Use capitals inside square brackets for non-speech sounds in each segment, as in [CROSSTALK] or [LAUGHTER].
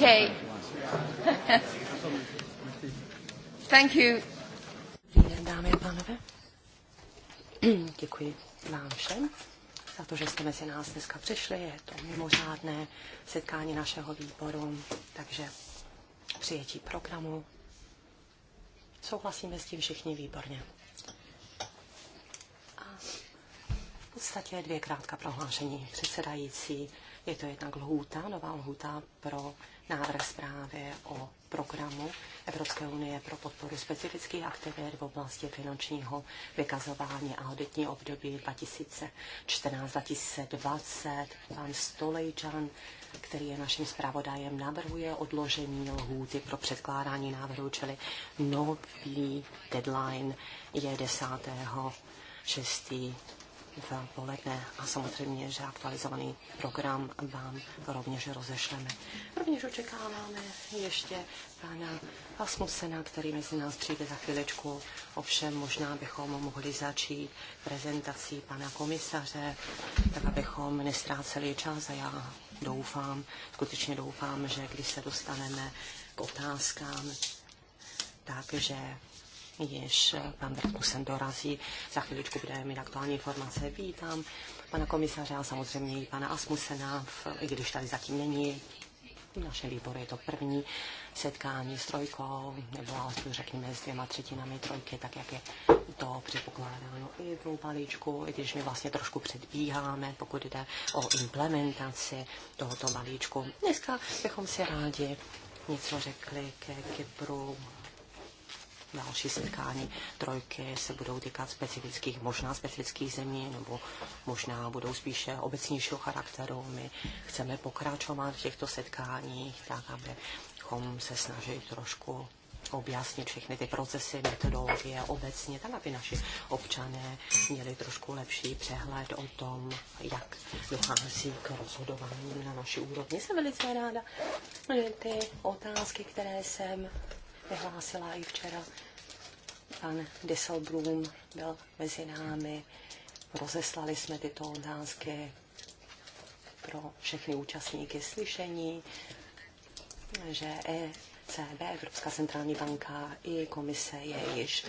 Okay. Thank you. Dámy a pánové, děkuji vám všem za to, že jste mezi nás dneska přišli. Je to mimořádné setkání našeho výboru, takže přijetí programu. Souhlasíme s tím všichni výborně. A v podstatě dvě krátká prohlášení předsedající. Je to jedna lhůta, nová lhůta pro návrh zprávy o programu Evropské unie pro podporu specifických aktivit v oblasti finančního vykazování a auditní období 2014-2020. Pan Stolejčan, který je naším zpravodajem, navrhuje odložení lhůty pro předkládání návrhu, čili nový deadline je 10. 6 v poledne a samozřejmě, že aktualizovaný program vám rovněž rozešleme. Rovněž očekáváme ještě pana Asmusena, který mezi nás přijde za chvílečku. Ovšem možná bychom mohli začít prezentací pana komisaře, tak abychom nestráceli čas a já doufám, skutečně doufám, že když se dostaneme k otázkám, takže již eh, pan Rasmussen dorazí. Za chvíličku budeme mít aktuální informace. Vítám pana komisaře a samozřejmě i pana Asmusena, i když tady zatím není. V našem výboru je to první setkání s trojkou, nebo alespoň řekněme s dvěma třetinami trojky, tak jak je to předpokládáno i v balíčku, i když my vlastně trošku předbíháme, pokud jde o implementaci tohoto balíčku. Dneska bychom si rádi něco řekli ke Kypru, další setkání trojky se budou týkat specifických, možná specifických zemí, nebo možná budou spíše obecnějšího charakteru. My chceme pokračovat v těchto setkáních, tak abychom se snažili trošku objasnit všechny ty procesy, metodologie obecně, tak aby naši občané měli trošku lepší přehled o tom, jak dochází k rozhodování na naší úrovni. Jsem velice ráda, že ty otázky, které jsem vyhlásila i včera. Pan Disselblum byl mezi námi. Rozeslali jsme tyto otázky pro všechny účastníky slyšení, že ECB, Evropská centrální banka i komise je již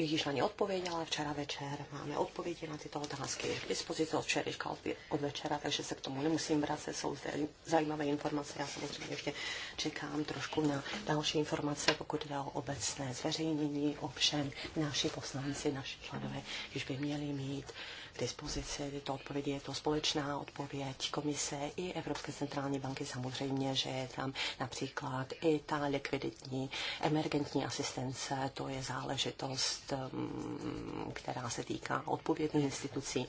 již na ně odpověděla včera večer. Máme odpovědi na tyto otázky již k dispozici od včerejška od, od večera, takže se k tomu nemusím vracet. Jsou zde zajímavé informace. Já samozřejmě ještě čekám trošku na další informace, pokud jde o obecné zveřejnění. Ovšem naši poslanci, naši členové již by měli mít uh, k dispozici tyto odpovědi. Je to společná odpověď komise i Evropské centrální banky samozřejmě, že je tam například i ta likviditní emergentní asistence. To je záležitost, mm, která se týká odpovědných institucí.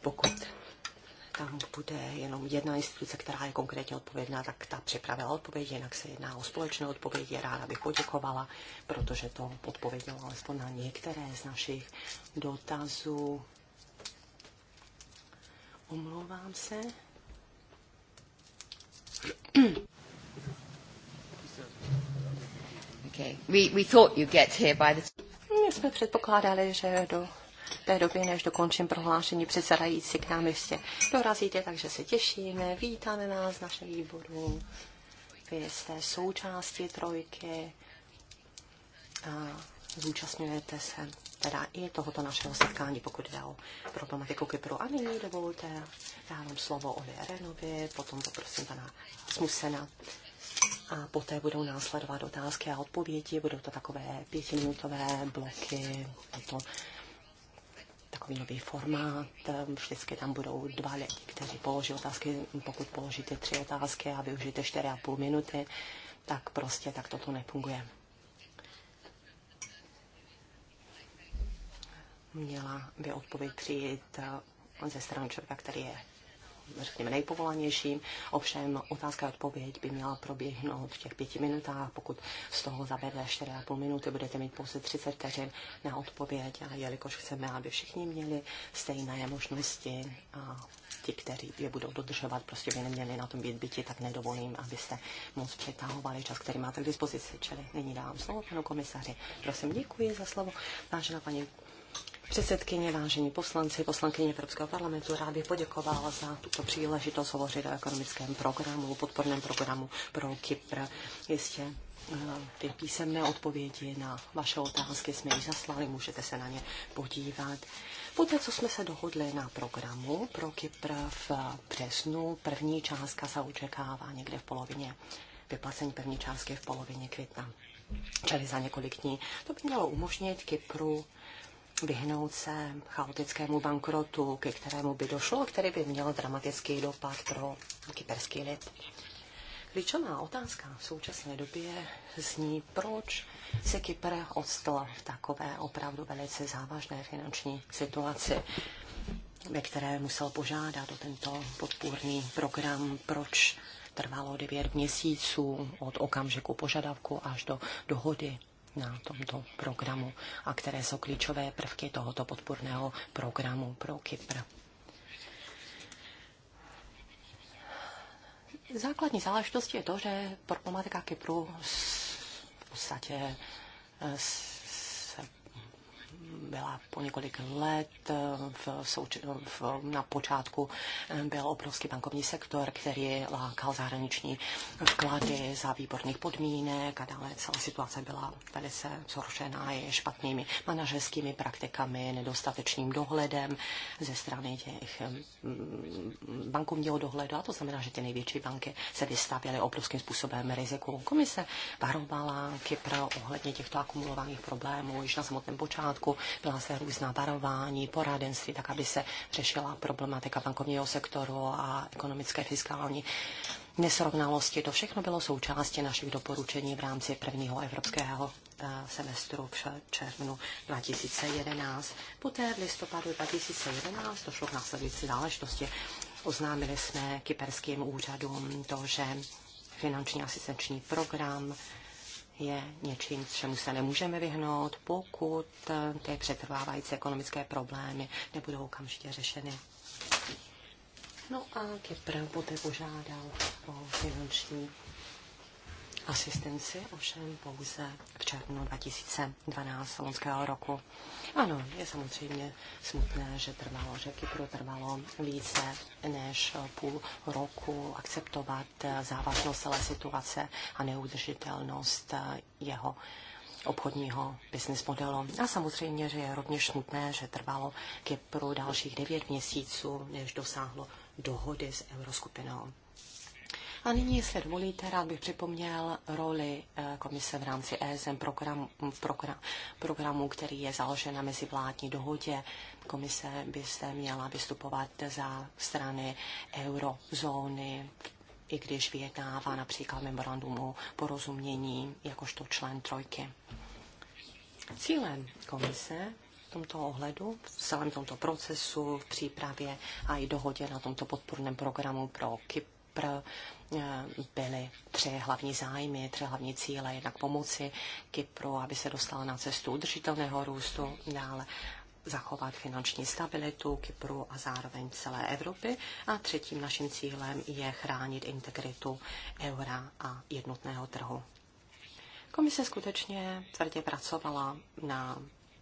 Pokud tam bude jenom jedna instituce, která je konkrétně odpovědná, tak ta připravila odpověď, jinak se jedná o společné odpovědi. Ráda bych poděkovala, protože to odpovědělo alespoň na některé z našich dotazů. Omlouvám se. Okay. We, we thought you'd get here by the... My jsme předpokládali, že do té době, než dokončím prohlášení předsedající k nám ještě dorazíte, takže se těšíme. Vítáme vás v našem výboru. Vy jste součástí trojky a zúčastňujete se teda i tohoto našeho setkání, pokud jde o problematiku Kypru. A nyní dovolte, dávám slovo o Renovi, potom poprosím pana Smusena a poté budou následovat otázky a odpovědi, budou to takové pětiminutové bloky, to takový nový formát. Vždycky tam budou dva lidi, kteří položí otázky. Pokud položíte tři otázky a využijete půl minuty, tak prostě tak toto nefunguje. Měla by odpověď přijít eh, ze strany člověka, který je řekněme, nejpovolanějším. Ovšem otázka a odpověď by měla proběhnout v těch pěti minutách. Pokud z toho zabere 4,5 minuty, budete mít pouze 30 vteřin na odpověď. A jelikož chceme, aby všichni měli stejné možnosti a ti, kteří je budou dodržovat, prostě by neměli na tom být byti, tak nedovolím, abyste moc přetahovali čas, který máte k dispozici. Čili nyní dávám slovo panu komisaři. Prosím, děkuji za slovo. Vážená paní předsedkyně, vážení poslanci, poslankyně Evropského parlamentu, rád bych poděkovala za tuto příležitost hovořit o ekonomickém programu, o podporném programu pro Kypr. Jistě eh, ty písemné odpovědi na vaše otázky jsme již zaslali, můžete se na ně podívat. Poté, co jsme se dohodli na programu pro Kypr v březnu, první částka se očekává někde v polovině, vyplacení první částky v polovině května, čili za několik dní. To by mělo umožnit Kypru vyhnout se chaotickému bankrotu, ke kterému by došlo a který by měl dramatický dopad pro kyperský lid. Klíčová otázka v současné době zní, proč se Kypr odstl v takové opravdu velice závažné finanční situaci, ve které musel požádat o tento podpůrný program, proč trvalo devět měsíců od okamžiku požadavku až do dohody na tomto programu a které jsou klíčové prvky tohoto podporného programu pro Kypr. Základní záležitost je to, že problematika Kypru v podstatě eh, byla po několik let, eh, v souč- v, na počátku eh, byl obrovský bankovní sektor, který lákal zahraniční vklady za výborných podmínek a dále celá situace byla velice zhoršená i špatnými manažerskými praktikami, nedostatečným dohledem ze strany těch eh, mm, bankovního dohledu a to znamená, že ty největší banky se vystavěly obrovským způsobem riziku. Komise varovala Kypr ohledně těchto akumulovaných problémů již na samotném počátku byla zde různá varování, poradenství, tak aby se řešila problematika bankovního sektoru a ekonomické fiskální nesrovnalosti. To všechno bylo součástí našich doporučení v rámci prvního evropského eh, semestru v červnu 2011. Poté v listopadu 2011 došlo k následující záležitosti. Oznámili jsme kyperským úřadům to, že finanční asistenční program je něčím, čemu se nemůžeme vyhnout, pokud eh, ty přetrvávající ekonomické problémy nebudou okamžitě řešeny. No a Kypr poté požádal o finanční asistenci, ovšem pouze v červnu 2012 lonského roku. Ano, je samozřejmě smutné, že trvalo, že Kypru trvalo více než půl roku akceptovat závažnost celé situace a neudržitelnost jeho obchodního business modelu. A samozřejmě, že je rovněž smutné, že trvalo Kypru dalších devět měsíců, než dosáhlo dohody s euroskupinou. A nyní, jestli dovolíte, rád bych připomněl roli eh, komise v rámci ESM program, program, programu, který je založen na mezivládní dohodě. Komise by se měla vystupovat za strany eurozóny, i když vyjednává například memorandum o porozumění jakožto člen trojky. Cílem komise v tomto ohledu, v celém tomto procesu, v přípravě a i dohodě na tomto podpůrném programu pro kyp. Kypr eh, byly tři hlavní zájmy, tři hlavní cíle, jednak pomoci Kypru, aby se dostala na cestu udržitelného růstu, dále zachovat finanční stabilitu Kypru a zároveň celé Evropy. A třetím naším cílem je chránit integritu eura a jednotného trhu. Komise skutečně tvrdě pracovala na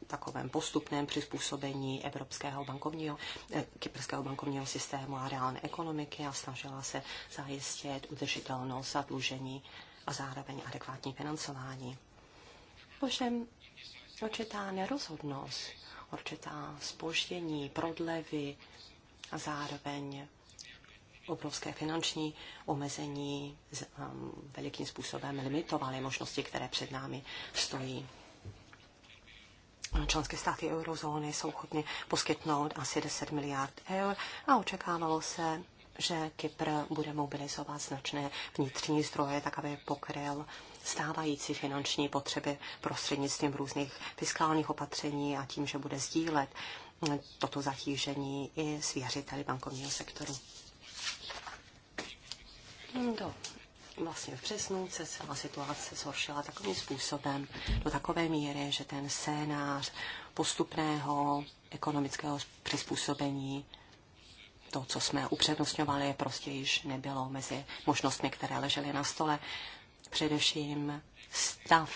takovém postupném přizpůsobení evropského bankovního, eh, kyperského bankovního systému a reálné ekonomiky a snažila se zajistit udržitelnost zadlužení a zároveň adekvátní financování. Ovšem určitá nerozhodnost, určitá spoždění, prodlevy a zároveň obrovské finanční omezení ehm, velikým způsobem limitovaly možnosti, které před námi stojí. Členské státy eurozóny jsou ochotny poskytnout asi 10 miliard eur a očekávalo se, že Kypr bude mobilizovat značné vnitřní zdroje, tak aby pokryl stávající finanční potřeby prostřednictvím různých fiskálních opatření a tím, že bude sdílet toto zatížení i s věřiteli bankovního sektoru. Do no, vlastně v březnu se celá situace zhoršila takovým způsobem do takové míry, že ten scénář postupného ekonomického přizpůsobení to, co jsme upřednostňovali, prostě již nebylo mezi možnostmi, které ležely na stole. Především stav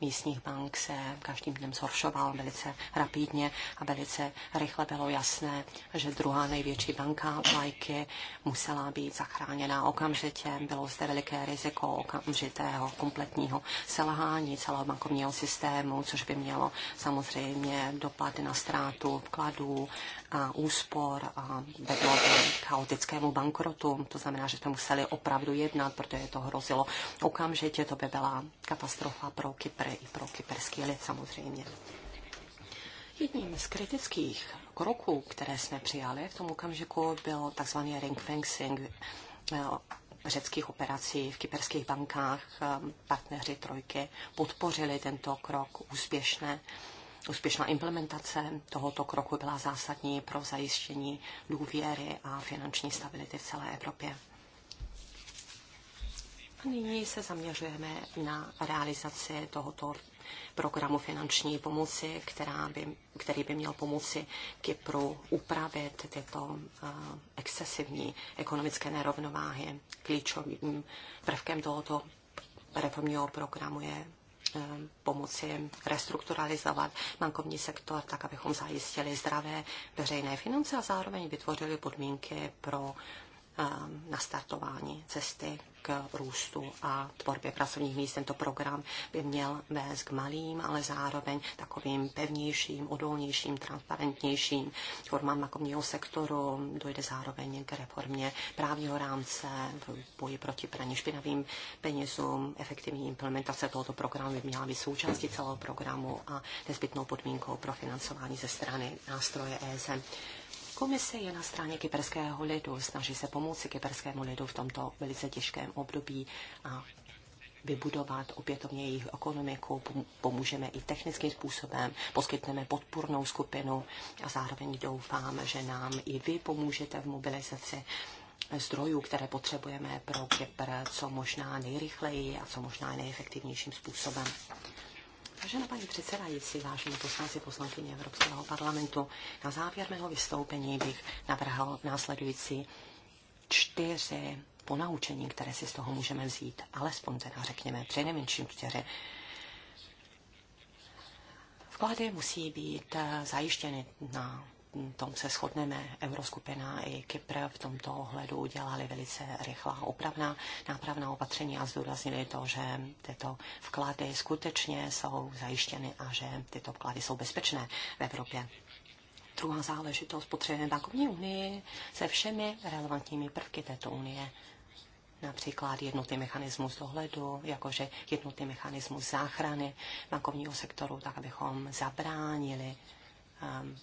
místních bank se každým dnem zhoršoval velice rapidně a velice rychle bylo jasné, že druhá největší banka Lajky musela být zachráněna okamžitě. Bylo zde veliké riziko okamžitého kompletního selhání celého bankovního systému, což by mělo samozřejmě dopad na ztrátu vkladů a úspor a vedlo k chaotickému bankrotu. To znamená, že jste museli opravdu jednat, protože to hrozilo okamžitě. To by byla katastrofa pro Kypr důležité i pro kyperský lid samozřejmě. Jedním z kritických kroků, které jsme přijali v tom okamžiku, byl tzv. ring fencing eh, řeckých operací v kyperských bankách. Eh, partneři Trojky podpořili tento krok úspěšné. Úspěšná implementace tohoto kroku byla zásadní pro zajištění důvěry a finanční stability v celé Evropě. A nyní se zaměřujeme na realizaci tohoto programu finanční pomoci, která by, který by měl pomoci Kypru upravit tyto uh, excesivní ekonomické nerovnováhy. Klíčovým prvkem tohoto reformního programu je eh, pomoci restrukturalizovat bankovní sektor tak, abychom zajistili zdravé veřejné finance a zároveň vytvořili podmínky pro Eh, nastartování cesty k růstu a tvorbě pracovních míst. Tento program by měl vést k malým, ale zároveň takovým pevnějším, odolnějším, transparentnějším formám makovního sektoru. Dojde zároveň k reformě právního rámce, boji proti praní špinavým penězům. Efektivní implementace tohoto programu by měla být součástí celého programu a nezbytnou podmínkou pro financování ze strany nástroje ESM. E Komise je na straně kyperského lidu, snaží se pomoci kyperskému lidu v tomto velice těžkém období a vybudovat opětovně jejich ekonomiku, pomůžeme i technickým způsobem, poskytneme podpornou skupinu a zároveň doufám, že nám i vy pomůžete v mobilizaci zdrojů, které potřebujeme pro Kypr co možná nejrychleji a co možná nejefektivnějším způsobem. Vážená paní předsedající, vážení poslanci poslankyně Evropského parlamentu, na závěr mého vystoupení bych navrhl následující čtyři ponaučení, které si z toho můžeme vzít, alespoň teda řekněme přinejmenším čtyři. Vklady musí být eh, zajištěny na tom se shodneme. Euroskupina i Kypr v tomto ohledu dělali velice rychlá opravná nápravná opatření a zdůraznili to, že tyto vklady skutečně jsou zajištěny a že tyto vklady jsou bezpečné v Evropě. Druhá záležitost potřebujeme bankovní unii se všemi relevantními prvky této unie například jednotný mechanismus dohledu, jakože jednotný mechanismus záchrany bankovního sektoru, tak abychom zabránili um,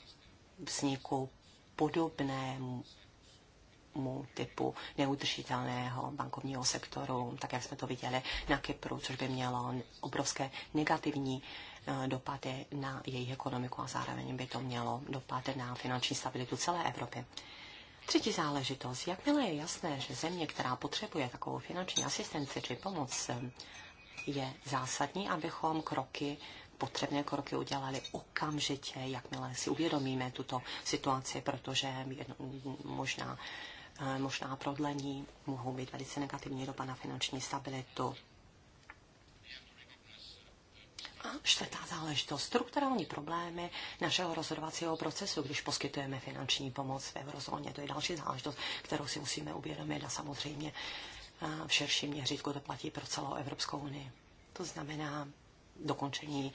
vzniku podobnému typu neudržitelného bankovního sektoru, tak jak jsme to viděli na Kypru, což by mělo obrovské negativní eh, dopady na jejich ekonomiku a zároveň by to mělo dopady na finanční stabilitu celé Evropy. Třetí záležitost. Jakmile je jasné, že země, která potřebuje takovou finanční asistenci či pomoc, eh, je zásadní, abychom kroky potřebné kroky udělali okamžitě, jakmile si uvědomíme tuto situaci, protože jedno, možná, eh, možná prodlení mohou být velice negativní dopa na finanční stabilitu. A čtvrtá záležitost, strukturální problémy našeho rozhodovacího procesu, když poskytujeme finanční pomoc v eurozóně. To je další záležitost, kterou si musíme uvědomit a samozřejmě eh, v širším měřítku to platí pro celou Evropskou unii. To znamená, dokončení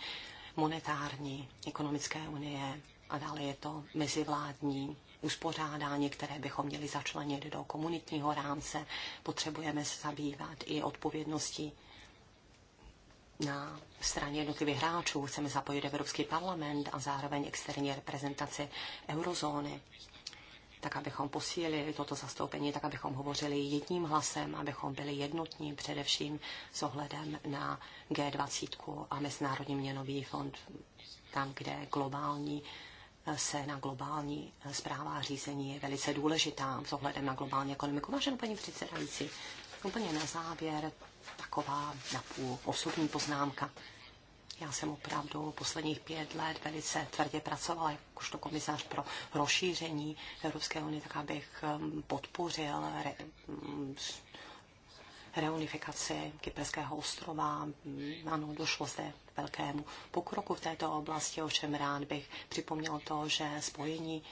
monetární, ekonomické unie a dále je to mezivládní uspořádání, které bychom měli začlenit do komunitního rámce. Potřebujeme se zabývat i odpovědností na straně jednotlivých hráčů. Chceme zapojit Evropský parlament a zároveň externí reprezentaci eurozóny tak abychom posílili toto zastoupení, tak abychom hovořili jedním hlasem, abychom byli jednotní především s ohledem na G20 a Mezinárodní měnový fond, tam, kde globální eh, se na globální eh, zpráva a řízení je velice důležitá s ohledem na globální ekonomiku. Vážená paní předsedající, úplně na závěr taková napůl osobní poznámka. Já jsem opravdu posledních pět let velice tvrdě pracovala jakožto komisař pro rozšíření Evropské unie, tak abych um, podpořil re, um, reunifikaci Kyperského ostrova. Ano, došlo zde velkému pokroku v této oblasti, ovšem rád bych připomněl to, že spojení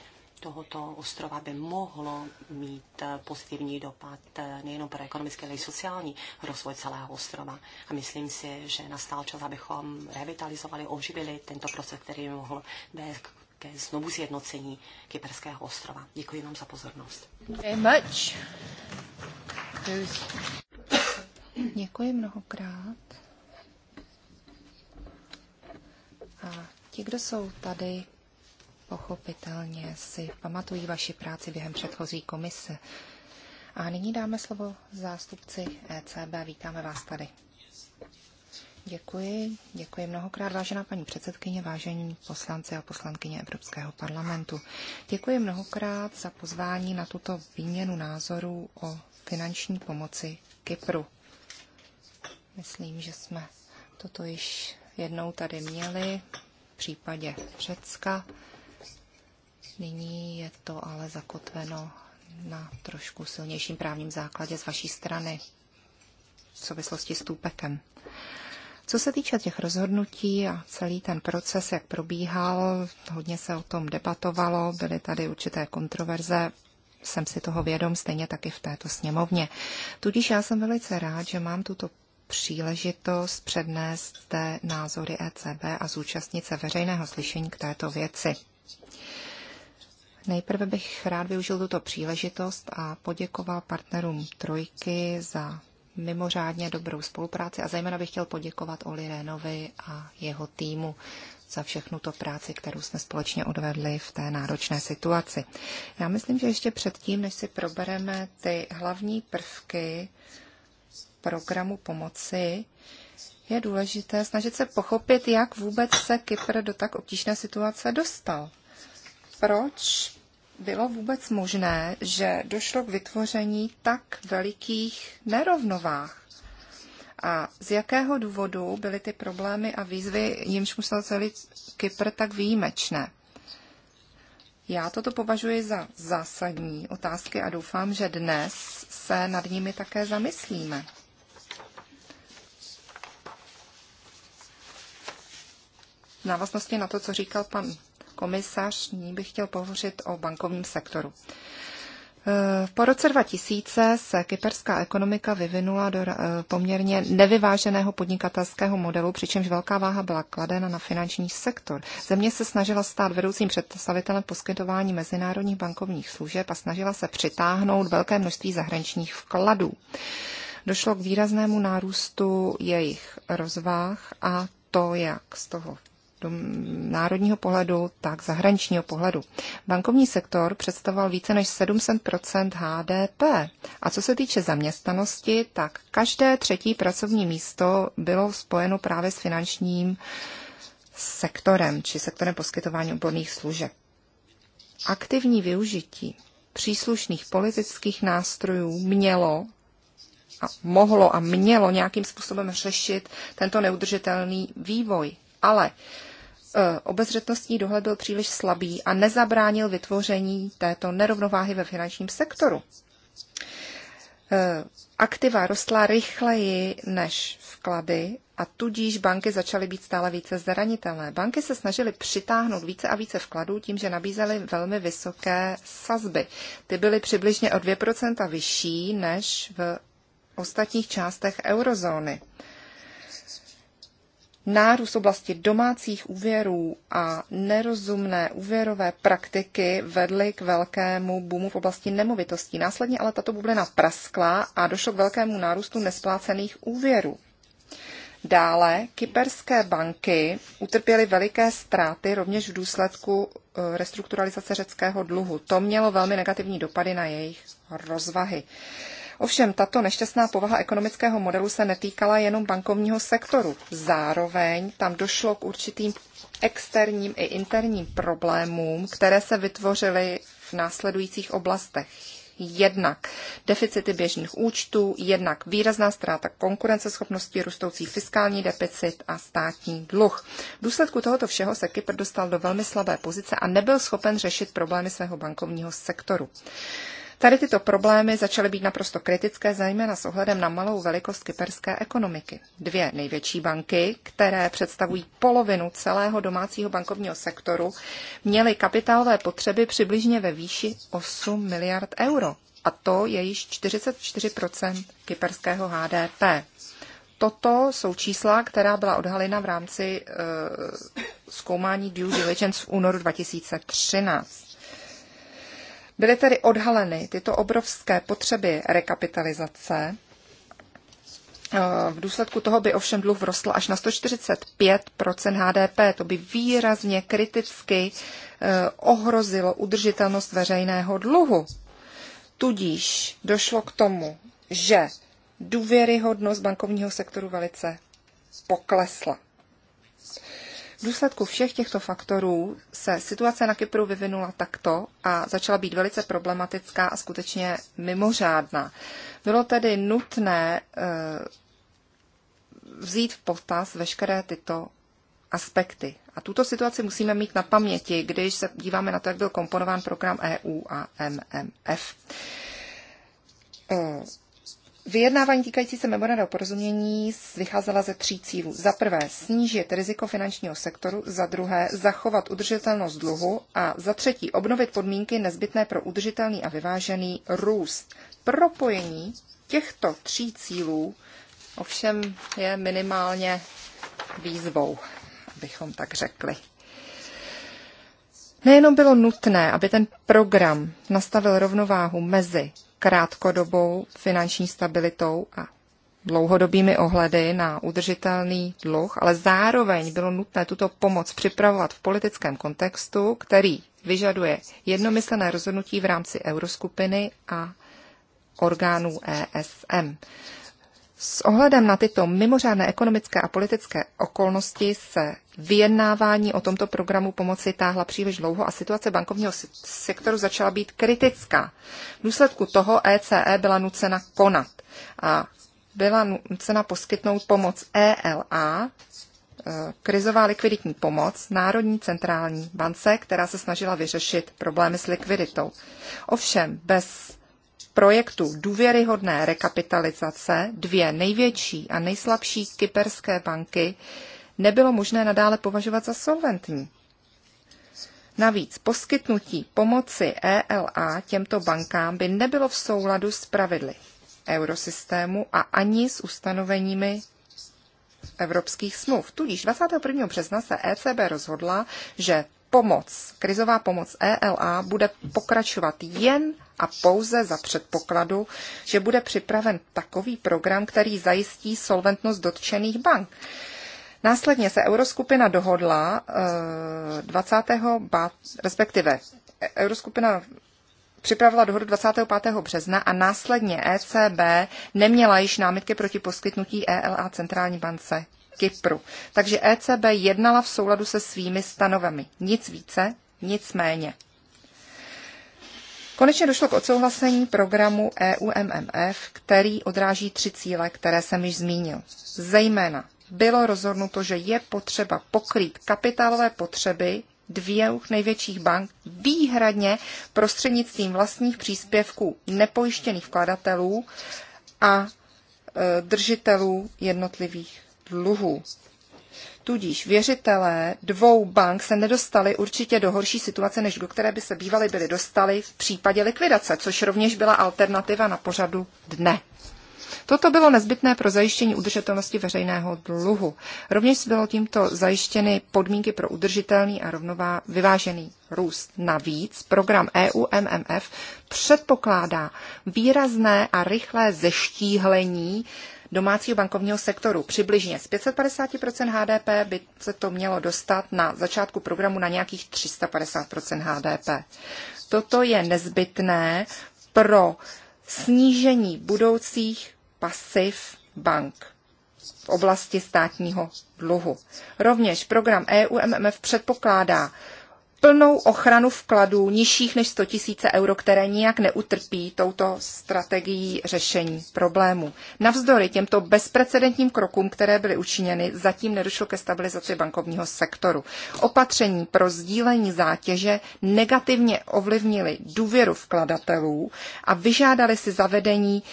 tohoto ostrova by mohlo mít eh, pozitivní dopad eh, nejenom pro ekonomický, ale i sociální rozvoj celého ostrova. A myslím si, že nastal čas, abychom revitalizovali, oživili tento proces, který by mohl vést ke znovu zjednocení Kyperského ostrova. Děkuji vám za pozornost. Děkuji mnohokrát. A ti, kdo jsou tady, pochopitelně si pamatují vaši práci během předchozí komise. A nyní dáme slovo zástupci ECB. Vítáme vás tady. Děkuji, děkuji mnohokrát, vážená paní předsedkyně, vážení poslanci a poslankyně Evropského parlamentu. Děkuji mnohokrát za pozvání na tuto výměnu názorů o finanční pomoci Kypru. Myslím, že jsme toto již jednou tady měli v případě Řecka Nyní je to ale zakotveno na trošku silnějším právním základě z vaší strany v souvislosti s Tupekem. Co se týče těch rozhodnutí a celý ten proces, jak probíhal, hodně se o tom debatovalo, byly tady určité kontroverze, jsem si toho vědom, stejně taky v této sněmovně. Tudíž já jsem velice rád, že mám tuto příležitost přednést zde názory ECB a zúčastnit se veřejného slyšení k této věci. Nejprve bych rád využil tuto příležitost a poděkoval partnerům Trojky za mimořádně dobrou spolupráci a zejména bych chtěl poděkovat Oli Rénovi a jeho týmu za všechnu to práci, kterou jsme společně odvedli v té náročné situaci. Já myslím, že ještě předtím, než si probereme ty hlavní prvky programu pomoci, je důležité snažit se pochopit, jak vůbec se Kypr do tak obtížné situace dostal proč bylo vůbec možné, že došlo k vytvoření tak velikých nerovnovách? A z jakého důvodu byly ty problémy a výzvy, jimž musel celý Kypr, tak výjimečné? Já toto považuji za zásadní otázky a doufám, že dnes se nad nimi také zamyslíme. V návaznosti na to, co říkal pan komisař, ní bych chtěl pohořit o bankovním sektoru. E, po roce 2000 se kyperská ekonomika vyvinula do e, poměrně nevyváženého podnikatelského modelu, přičemž velká váha byla kladena na finanční sektor. Země se snažila stát vedoucím představitelem poskytování mezinárodních bankovních služeb a snažila se přitáhnout velké množství zahraničních vkladů. Došlo k výraznému nárůstu jejich rozváh a to jak z toho národního pohledu, tak zahraničního pohledu. Bankovní sektor představoval více než 700 HDP. A co se týče zaměstnanosti, tak každé třetí pracovní místo bylo spojeno právě s finančním sektorem, či sektorem poskytování odborných služeb. Aktivní využití příslušných politických nástrojů mělo a mohlo a mělo nějakým způsobem řešit tento neudržitelný vývoj. Ale uh, E, obezřetnostní dohled byl příliš slabý a nezabránil vytvoření této nerovnováhy ve finančním sektoru. E, aktiva rostla rychleji než vklady a tudíž banky začaly být stále více zranitelné. Banky se snažily přitáhnout více a více vkladů tím, že nabízely velmi vysoké sazby. Ty byly přibližně o 2% vyšší než v ostatních částech eurozóny. Nárůst oblasti domácích úvěrů a nerozumné úvěrové praktiky vedly k velkému boomu v oblasti nemovitostí. Následně ale tato bublina praskla a došlo k velkému nárůstu nesplácených úvěrů. Dále kyperské banky utrpěly veliké ztráty rovněž v důsledku e, restrukturalizace řeckého dluhu. To mělo velmi negativní dopady na jejich rozvahy. Ovšem, tato nešťastná povaha ekonomického modelu se netýkala jenom bankovního sektoru. Zároveň tam došlo k určitým externím i interním problémům, které se vytvořily v následujících oblastech jednak deficity běžných účtů, jednak výrazná ztráta konkurenceschopnosti, rostoucí fiskální deficit a státní dluh. V důsledku tohoto všeho se Kypr dostal do velmi slabé pozice a nebyl schopen řešit problémy svého bankovního sektoru. Tady tyto problémy začaly být naprosto kritické, zejména s ohledem na malou velikost kyperské ekonomiky. Dvě největší banky, které představují polovinu celého domácího bankovního sektoru, měly kapitálové potřeby přibližně ve výši 8 miliard euro. A to je již 44 kyperského HDP. Toto jsou čísla, která byla odhalena v rámci e, zkoumání due diligence v únoru 2013. Byly tedy odhaleny tyto obrovské potřeby rekapitalizace. Eh, v důsledku toho by ovšem dluh vrostl až na 145 HDP. To by výrazně kriticky eh, ohrozilo udržitelnost veřejného dluhu. Tudíž došlo k tomu, že důvěryhodnost bankovního sektoru velice poklesla. V důsledku všech těchto faktorů se situace na Kypru vyvinula takto a začala být velice problematická a skutečně mimořádná. Bylo tedy nutné eh, vzít v potaz veškeré tyto aspekty. A tuto situaci musíme mít na paměti, když se díváme na to, jak byl komponován program EU a MMF. Eh, Vyjednávání týkající se memoranda o porozumění vycházela ze tří cílů. Za prvé snížit riziko finančního sektoru, za druhé zachovat udržitelnost dluhu a za třetí obnovit podmínky nezbytné pro udržitelný a vyvážený růst. Propojení těchto tří cílů ovšem je minimálně výzvou, abychom tak řekli. Nejenom bylo nutné, aby ten program nastavil rovnováhu mezi krátkodobou finanční stabilitou a dlouhodobými ohledy na udržitelný dluh, ale zároveň bylo nutné tuto pomoc připravovat v politickém kontextu, který vyžaduje jednomyslné rozhodnutí v rámci euroskupiny a orgánů ESM. S ohledem na tyto mimořádné ekonomické a politické okolnosti se vyjednávání o tomto programu pomoci táhla příliš dlouho a situace bankovního sektoru začala být kritická. V důsledku toho ECE e byla nucena konat a byla nucena poskytnout pomoc ELA, e, krizová likviditní pomoc Národní centrální bance, která se snažila vyřešit problémy s likviditou. Ovšem bez projektu důvěryhodné rekapitalizace dvě největší a nejslabší kyperské banky nebylo možné nadále považovat za solventní. Navíc poskytnutí pomoci ELA těmto bankám by nebylo v souladu s pravidly eurosystému a ani s ustanoveními evropských smluv. Tudíž 21. března se ECB rozhodla, že pomoc, krizová pomoc ELA bude pokračovat jen a pouze za předpokladu, že bude připraven takový program, který zajistí solventnost dotčených bank. Následně se Euroskupina dohodla 20. Eh, ba, respektive eh, Euroskupina připravila dohodu 25. března a následně ECB neměla již námitky proti poskytnutí ELA centrální bance Kypru. Takže ECB jednala v souladu se svými stanovami. Nic více, nic méně. Konečně došlo k odsouhlasení programu EUMMF, který odráží tři cíle, které jsem již zmínil. Zejména bylo rozhodnuto, že je potřeba pokrýt kapitálové potřeby dvou největších bank výhradně prostřednictvím vlastních příspěvků nepojištěných vkladatelů a e, držitelů jednotlivých dluhů. Tudíž věřitelé dvou bank se nedostali určitě do horší situace, než do které by se bývali byli dostali v případě likvidace, což rovněž byla alternativa na pořadu dne. Toto bylo nezbytné pro zajištění udržitelnosti veřejného dluhu. Rovněž bylo tímto zajištěny podmínky pro udržitelný a rovnová vyvážený růst. Navíc program EU MMF předpokládá výrazné a rychlé zeštíhlení domácího bankovního sektoru. Přibližně z 550% HDP by se to mělo dostat na začátku programu na nějakých 350% HDP. Toto je nezbytné pro snížení budoucích pasiv bank v oblasti státního dluhu. Rovněž program EU předpokládá plnou ochranu vkladů nižších než 100 000 euro, které nijak neutrpí touto strategií řešení problému. Navzdory těmto bezprecedentním krokům, které byly učiněny, zatím nedošlo ke stabilizaci bankovního sektoru. Opatření pro sdílení zátěže negativně ovlivnily důvěru vkladatelů a vyžádali si zavedení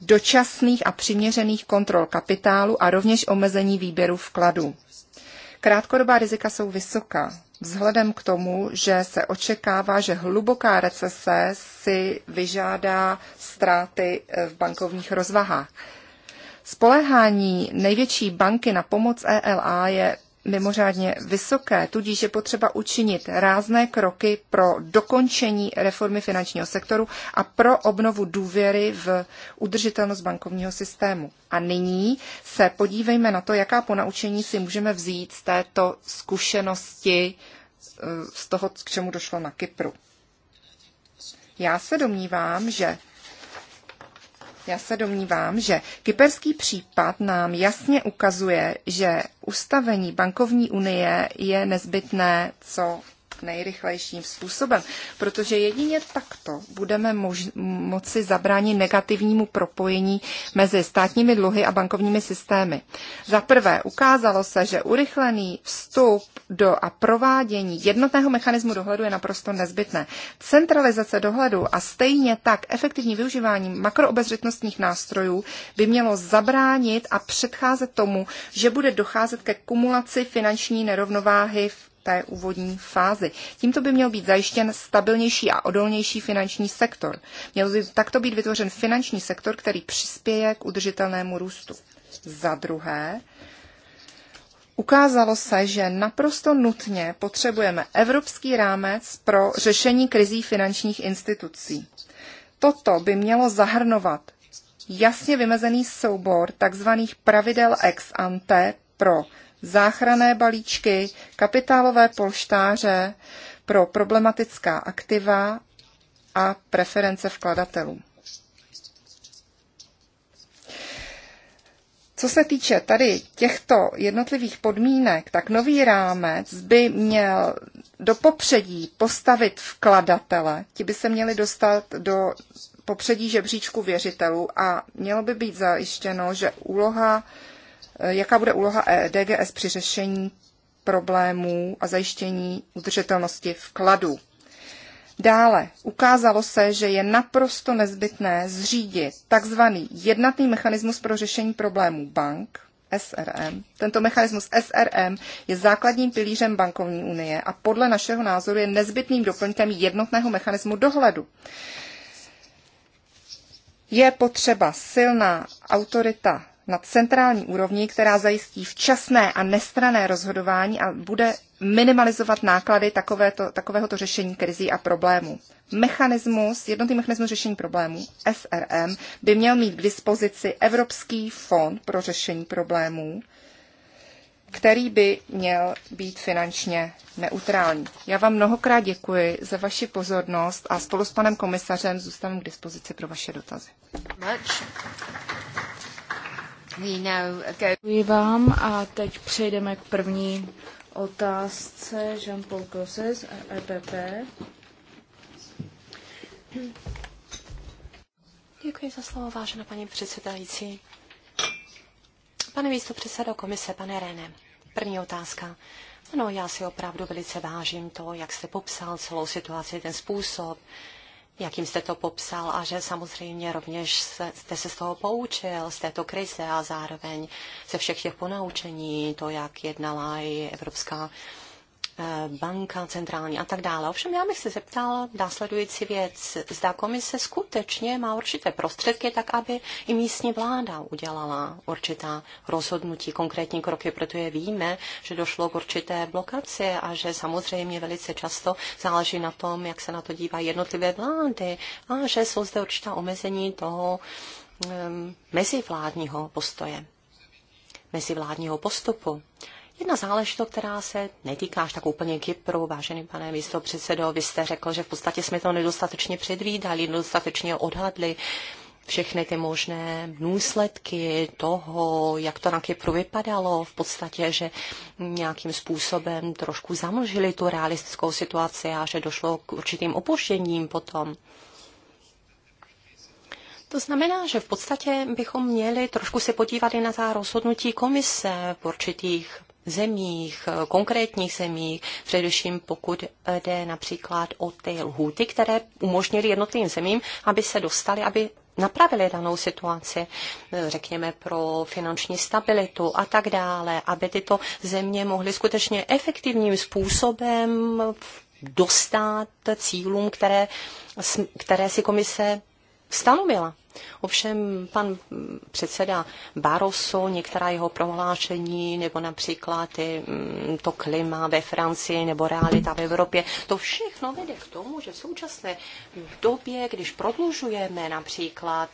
dočasných a přiměřených kontrol kapitálu a rovněž omezení výběru vkladů. Krátkodobá rizika jsou vysoká vzhledem k tomu, že se očekává, že hluboká recese si vyžádá ztráty eh, v bankovních rozvahách. Spoléhání největší banky na pomoc ELA je mimořádně vysoké, tudíž je potřeba učinit rázné kroky pro dokončení reformy finančního sektoru a pro obnovu důvěry v udržitelnost bankovního systému. A nyní se podívejme na to, jaká ponaučení si můžeme vzít z této zkušenosti, eh, z toho, k čemu došlo na Kypru. Já se domnívám, že já se domnívám, že kyperský případ nám jasně ukazuje, že ustavení bankovní unie je nezbytné co rybolov nejrychlejším způsobem, protože jedině takto budeme mož- moci zabránit negativnímu propojení mezi státními dluhy a bankovními systémy. Za prvé, ukázalo se, že urychlený vstup do a provádění jednotného mechanismu dohledu je naprosto nezbytné. Centralizace dohledu a stejně tak efektivní využívání makroobezřetnostních nástrojů by mělo zabránit a předcházet tomu, že bude docházet ke kumulaci finanční nerovnováhy v té úvodní fázi. Tímto by měl být zajištěn stabilnější a odolnější finanční sektor. Měl by takto být vytvořen finanční sektor, který přispěje k udržitelnému růstu. Za druhé, Ukázalo se, že naprosto nutně potřebujeme evropský rámec pro řešení krizí finančních institucí. Toto by mělo zahrnovat jasně vymezený soubor takzvaných pravidel ex ante pro záchrané balíčky, kapitálové polštáře pro problematická aktiva a preference vkladatelů. Co se týče tady těchto jednotlivých podmínek, tak nový rámec by měl do popředí postavit vkladatele. Ti by se měli dostat do popředí žebříčku věřitelů a mělo by být zajištěno, že úloha jaká bude úloha e- DGS při řešení problémů a zajištění udržitelnosti vkladů. Dále ukázalo se, že je naprosto nezbytné zřídit tzv. jednotný mechanismus pro řešení problémů bank, SRM. Tento mechanismus SRM je základním pilířem bankovní unie a podle našeho názoru je nezbytným doplňkem jednotného mechanismu dohledu. Je potřeba silná autorita na centrální úrovni, která zajistí včasné a nestrané rozhodování a bude minimalizovat náklady takovéto, takovéhoto řešení krizí a problémů. Mechanismus, jednotný mechanismus řešení problémů, SRM, by měl mít k dispozici Evropský fond pro řešení problémů, který by měl být finančně neutrální. Já vám mnohokrát děkuji za vaši pozornost a spolu s panem komisařem zůstanu k dispozici pro vaše dotazy. Děkuji vám a teď přejdeme k první otázce Jean-Paul Gosse EPP. Děkuji za slovo, vážená paní předsedající. Pane místopředsedo komise, pane René, první otázka. Ano, já si opravdu velice vážím to, jak jste popsal celou situaci, ten způsob, jakým jste to popsal a že samozřejmě rovněž jste se z toho poučil, z této krize a zároveň ze všech těch ponaučení, to, jak jednala i Evropská Eh, banka centrální a tak dále. Ovšem já bych se zeptal následující věc. Zda komise skutečně má určité prostředky, tak aby i místní vláda udělala určitá rozhodnutí, konkrétní kroky, protože víme, že došlo k určité blokaci a že samozřejmě velice často záleží na tom, jak se na to dívají jednotlivé vlády a že jsou zde určitá omezení toho um, mezivládního postoje mezivládního postupu. Jedna záležitost, která se netýká až tak úplně Kypru, vážený pane místo předsedo, vy jste řekl, že v podstatě jsme to nedostatečně předvídali, nedostatečně odhadli všechny ty možné důsledky toho, jak to na Kypru vypadalo, v podstatě, že nějakým způsobem trošku zamlžili tu realistickou situaci a že došlo k určitým opuštěním potom. To znamená, že v podstatě bychom měli trošku se podívat i na ta rozhodnutí komise v určitých zemích, eh, konkrétních zemích, především pokud jde například o ty lhůty, které umožnily jednotlivým zemím, aby se dostali, aby napravili danou situaci, eh, řekněme pro finanční stabilitu a tak dále, aby tyto země mohly skutečně efektivním způsobem dostat cílům, které, které si komise stanovila. Ovšem pan předseda Barroso, některá jeho prohlášení, nebo například mm, to klima ve Francii, nebo realita v Evropě, to všechno vede k tomu, že v současné době, když prodlužujeme například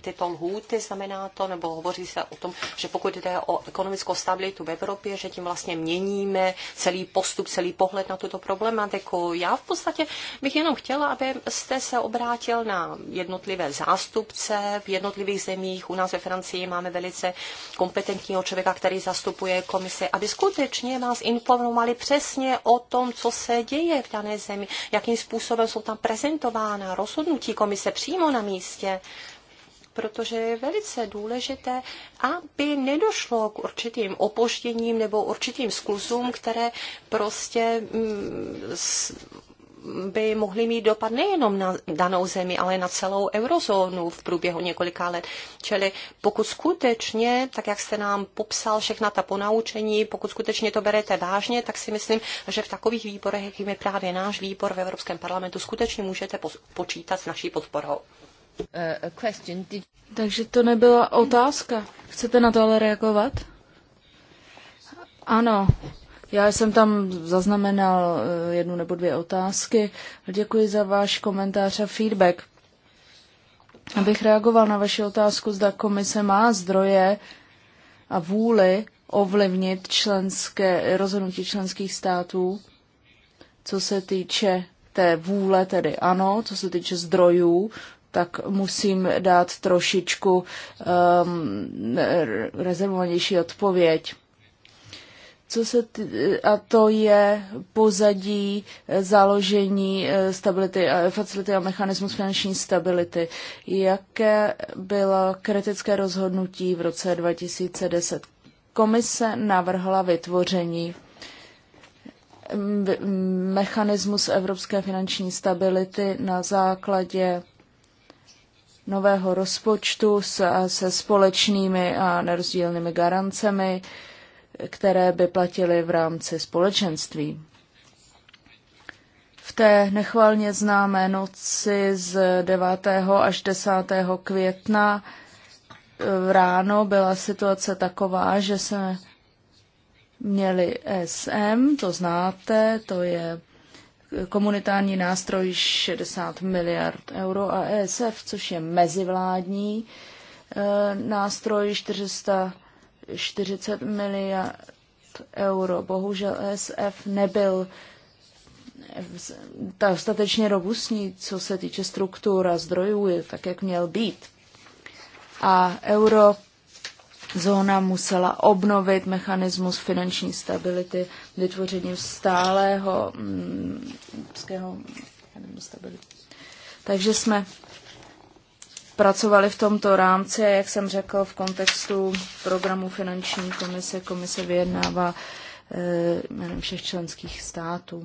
tyto lhůty, znamená to, nebo hovoří se o tom, že pokud jde o ekonomickou stabilitu v Evropě, že tím vlastně měníme celý postup, celý pohled na tuto problematiku. Já v podstatě bych jenom chtěla, abyste se obrátil na jednotlivé zástupce, funkce v jednotlivých zemích. U nás ve Francii máme velice kompetentního člověka, který zastupuje komise, aby skutečně nás informovali přesně o tom, co se děje v dané zemi, jakým způsobem jsou tam prezentována rozhodnutí komise přímo na místě protože je velice důležité, aby nedošlo k určitým opožděním nebo určitým skluzům, které prostě mm, by mohly mít dopad nejenom na danou zemi, ale na celou eurozónu v průběhu několika let. Čili pokud skutečně, tak jak jste nám popsal všechna ta ponaučení, pokud skutečně to berete vážně, tak si myslím, že v takových výborech, jakým je právě náš výbor v Evropském parlamentu, skutečně můžete počítat s naší podporou. Uh, Takže to nebyla otázka. Chcete na to ale reagovat? Ano, já jsem tam zaznamenal eh, jednu nebo dvě otázky. Děkuji za váš komentář a feedback. Abych reagoval na vaši otázku, zda komise má zdroje a vůli ovlivnit členské, rozhodnutí členských států, co se týče té vůle, tedy ano, co se týče zdrojů, tak musím dát trošičku um, rezervovanější odpověď. Co se t- a to je pozadí eh, založení eh, stability a facility a mechanismus finanční stability. Jaké bylo kritické rozhodnutí v roce 2010? Komise navrhla vytvoření mm, mm, mechanismus evropské finanční stability na základě nového rozpočtu se, se společnými a nerozdílnými garancemi, které by platily v rámci společenství. V té nechvalně známé noci z 9. až 10. května v eh, ráno byla situace taková, že jsme měli SM, to znáte, to je komunitární nástroj 60 miliard euro a ESF, což je mezivládní eh, nástroj 400 40 miliard euro. Bohužel e SF nebyl dostatečně robustní, co se týče struktur a zdrojů, tak jak měl být. A euro zóna musela obnovit mechanismus finanční stability vytvořením stálého mm, stability. Takže jsme pracovali v tomto rámci, jak jsem řekl, v kontextu programu finanční komise. Komise vyjednává eh, jménem všech členských států.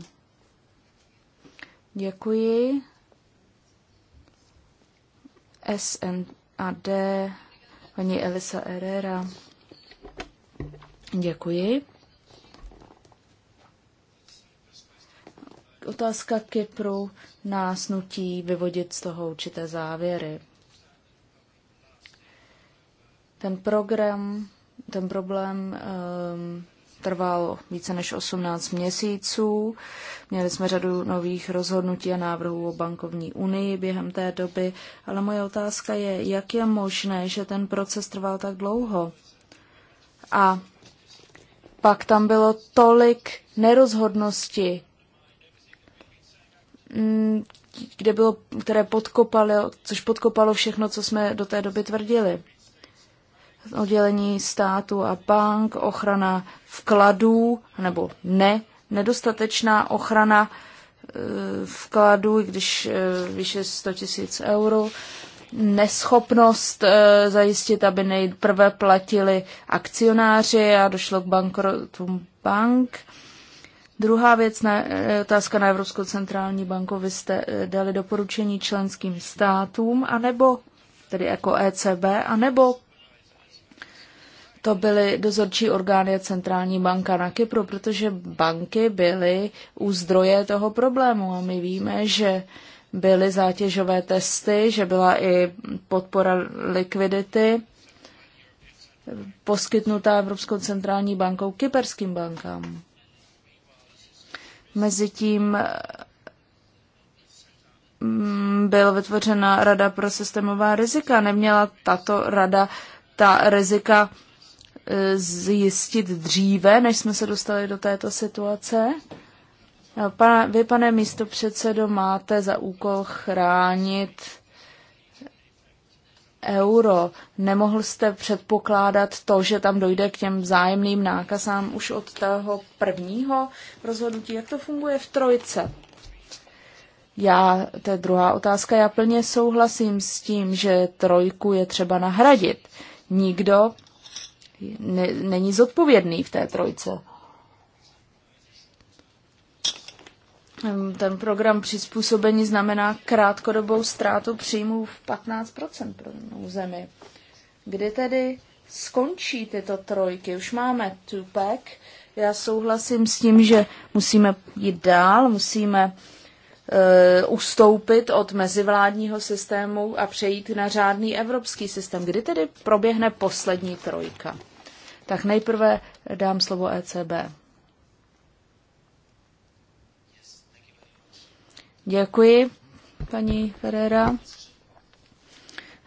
Děkuji. SNAD, paní Elisa Herrera. Děkuji. Otázka Kypru nás nutí vyvodit z toho určité závěry. Ten program, ten problém um, trval více než 18 měsíců. Měli jsme řadu nových rozhodnutí a návrhů o bankovní unii během té doby, ale moje otázka je, jak je možné, že ten proces trval tak dlouho? A pak tam bylo tolik nerozhodnosti, mm, kde bylo, které podkopalo, což podkopalo všechno, co jsme do té doby tvrdili oddělení státu a bank, ochrana vkladů nebo ne, nedostatečná ochrana e, vkladů, když e, vyše 100 tisíc euro, neschopnost e, zajistit, aby nejprve platili akcionáři a došlo k bankrotům bank. Druhá věc, na, otázka na Evropskou centrální banku, vy jste dali doporučení členským státům, anebo tedy jako ECB, anebo to byly dozorčí orgány a centrální banka na Kypru, protože banky byly u zdroje toho problému a my víme, že byly zátěžové testy, že byla i podpora likvidity poskytnutá Evropskou centrální bankou kyperským bankám. Mezitím mm, byla vytvořena Rada pro systémová rizika. Neměla tato rada ta rizika zjistit dříve, než jsme se dostali do této situace. Pana, vy, pane místopředsedo, máte za úkol chránit euro. Nemohl jste předpokládat to, že tam dojde k těm vzájemným nákazám už od toho prvního rozhodnutí? Jak to funguje v trojce? Já, to je druhá otázka, já plně souhlasím s tím, že trojku je třeba nahradit. Nikdo ne, není zodpovědný v té trojce. Ten program přizpůsobení znamená krátkodobou ztrátu příjmů v 15% pro zemi. Kdy tedy skončí tyto trojky? Už máme Tupac. Já souhlasím s tím, že musíme jít dál, musíme Eh, ustoupit od mezivládního systému a přejít na řádný evropský systém. Kdy tedy proběhne poslední trojka? Tak nejprve dám slovo ECB. Děkuji, paní Ferrera,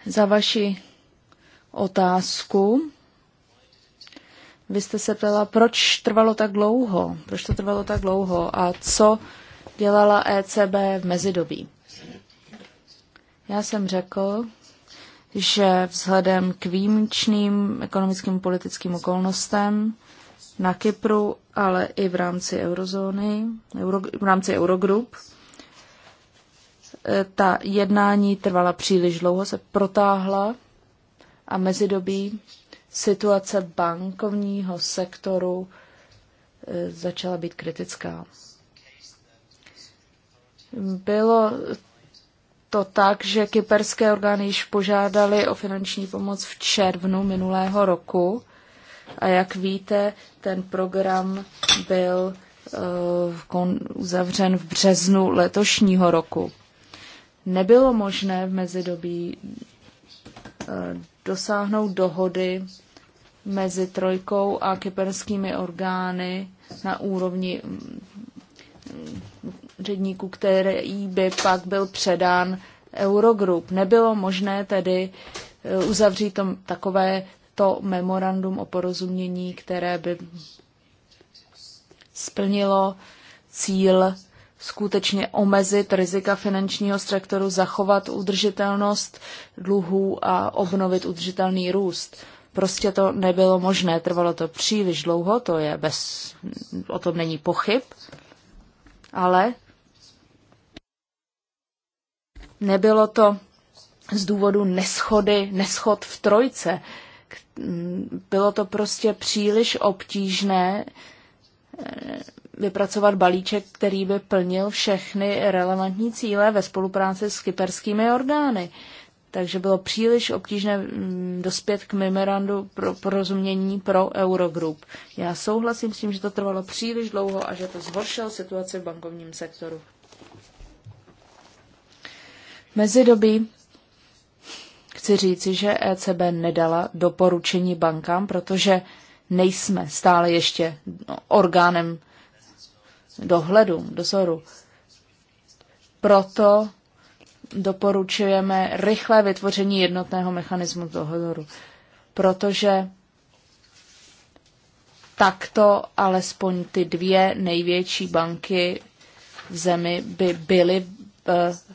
za vaši otázku. Vy jste se ptala, proč trvalo tak dlouho, proč to trvalo tak dlouho a co dělala ECB v mezidobí. Já jsem řekl, že vzhledem k výjimčným ekonomickým politickým okolnostem na Kypru, ale i v rámci eurozóny, euro, v rámci Eurogroup, eh, ta jednání trvala příliš dlouho, se protáhla a mezidobí situace bankovního sektoru eh, začala být kritická. Bylo to tak, že kyperské orgány již požádali o finanční pomoc v červnu minulého roku. A jak víte, ten program byl eh, uzavřen v březnu letošního roku. Nebylo možné v mezidobí eh, dosáhnout dohody mezi trojkou a kyperskými orgány na úrovni úředníků, který by pak byl předán Eurogroup. Nebylo možné tedy eh, uzavřít to, takové to memorandum o porozumění, které by splnilo cíl skutečně omezit rizika finančního sektoru, zachovat udržitelnost dluhů a obnovit udržitelný růst. Prostě to nebylo možné, trvalo to příliš dlouho, to je bez, o tom není pochyb, ale Nebylo to z důvodu neschody, neschod v trojce. Bylo to prostě příliš obtížné eh, vypracovat balíček, který by plnil všechny relevantní cíle ve spolupráci s kyperskými orgány. Takže bylo příliš obtížné mm, dospět k memorandu pro porozumění pro Eurogroup. Já souhlasím s tím, že to trvalo příliš dlouho a že to zhoršilo situaci v bankovním sektoru mezidobí chci říci, že ECB nedala doporučení bankám, protože nejsme stále ještě orgánem dohledu, dozoru. Proto doporučujeme rychlé vytvoření jednotného mechanismu dohledu. protože takto alespoň ty dvě největší banky v zemi by byly v eh,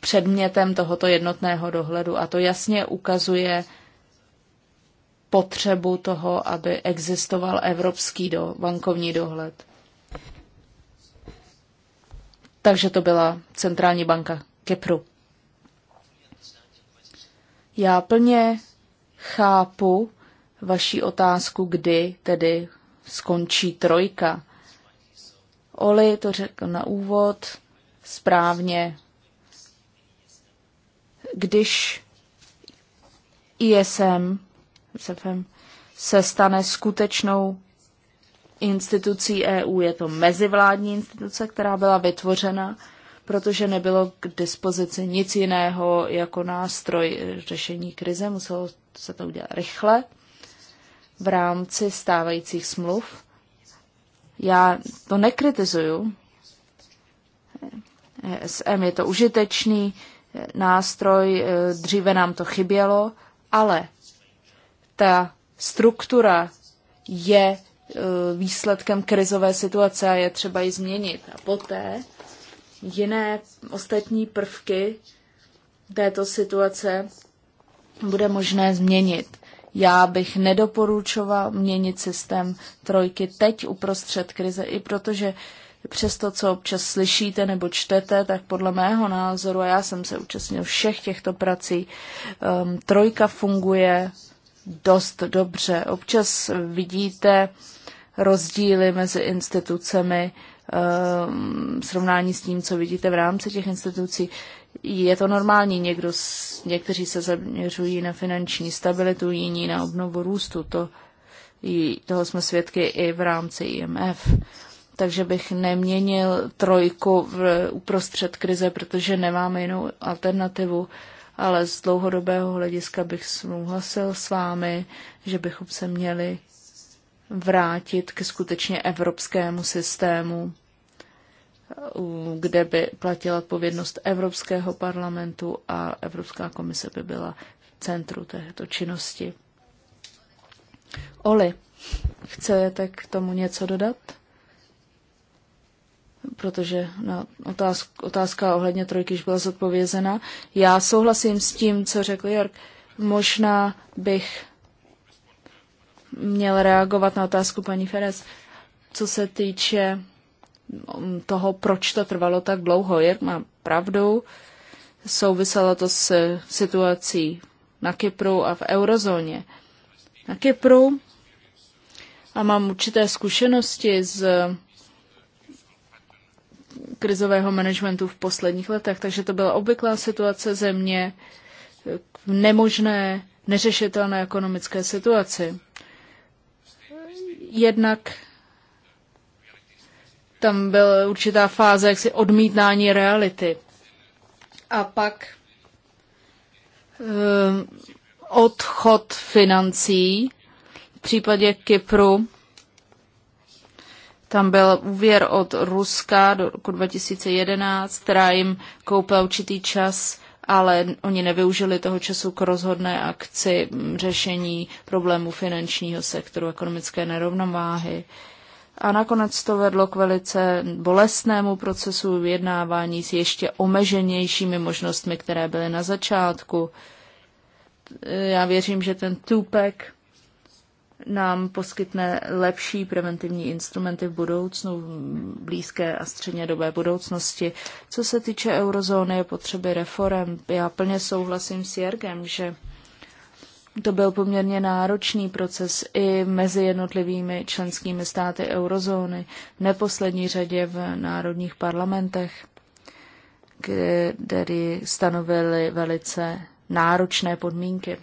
předmětem tohoto jednotného dohledu. A to jasně ukazuje potřebu toho, aby existoval evropský do, bankovní dohled. Takže to byla centrální banka Kypru. Já plně chápu vaši otázku, kdy tedy skončí trojka. Oli to řekl na úvod správně když ISM SFM, se stane skutečnou institucí EU. Je to mezivládní instituce, která byla vytvořena, protože nebylo k dispozici nic jiného jako nástroj řešení krize. Muselo se to udělat rychle v rámci stávajících smluv. Já to nekritizuju. ESM je to užitečný nástroj, eh, dříve nám to chybělo, ale ta struktura je eh, výsledkem krizové situace a je třeba ji změnit. A poté jiné ostatní prvky této situace bude možné změnit. Já bych nedoporučoval měnit systém trojky teď uprostřed krize, i protože přes to, co občas slyšíte nebo čtete, tak podle mého názoru, a já jsem se účastnil všech těchto prací, um, trojka funguje dost dobře. Občas vidíte rozdíly mezi institucemi, um, srovnání s tím, co vidíte v rámci těch institucí. Je to normální, někdo, někteří se zaměřují na finanční stabilitu, jiní na obnovu růstu. To, toho jsme svědky i v rámci IMF takže bych neměnil trojku v, uprostřed krize, protože nemáme jinou alternativu, ale z dlouhodobého hlediska bych souhlasil s vámi, že bychom se měli vrátit k skutečně evropskému systému, kde by platila odpovědnost Evropského parlamentu a Evropská komise by byla v centru této činnosti. Oli, chcete k tomu něco dodat? protože na otázka, otázka ohledně trojky už byla zodpovězena. Já souhlasím s tím, co řekl Jörg. Možná bych měl reagovat na otázku paní Ferez, co se týče mm, toho, proč to trvalo tak dlouho. Jirk má pravdu, souviselo to s situací na Kypru a v eurozóně. Na Kypru a mám určité zkušenosti z krizového managementu v posledních letech. Takže to byla obvyklá situace země v nemožné, neřešitelné ekonomické situaci. Jednak tam byla určitá fáze jaksi odmítnání reality. A pak eh, odchod financí v případě Kypru tam byl úvěr od Ruska do roku 2011, která jim koupila určitý čas, ale oni nevyužili toho času k rozhodné akci mm, řešení problémů finančního sektoru, ekonomické nerovnováhy. A nakonec to vedlo k velice bolestnému procesu vyjednávání s ještě omeženějšími možnostmi, které byly na začátku. Já věřím, že ten tupek nám poskytne lepší preventivní instrumenty v budoucnu, v blízké a střednědobé budoucnosti. Co se týče eurozóny, je potřeby reform. Já plně souhlasím s Jergem, že to byl poměrně náročný proces i mezi jednotlivými členskými státy eurozóny, v neposlední řadě v národních parlamentech, které stanovily velice náročné podmínky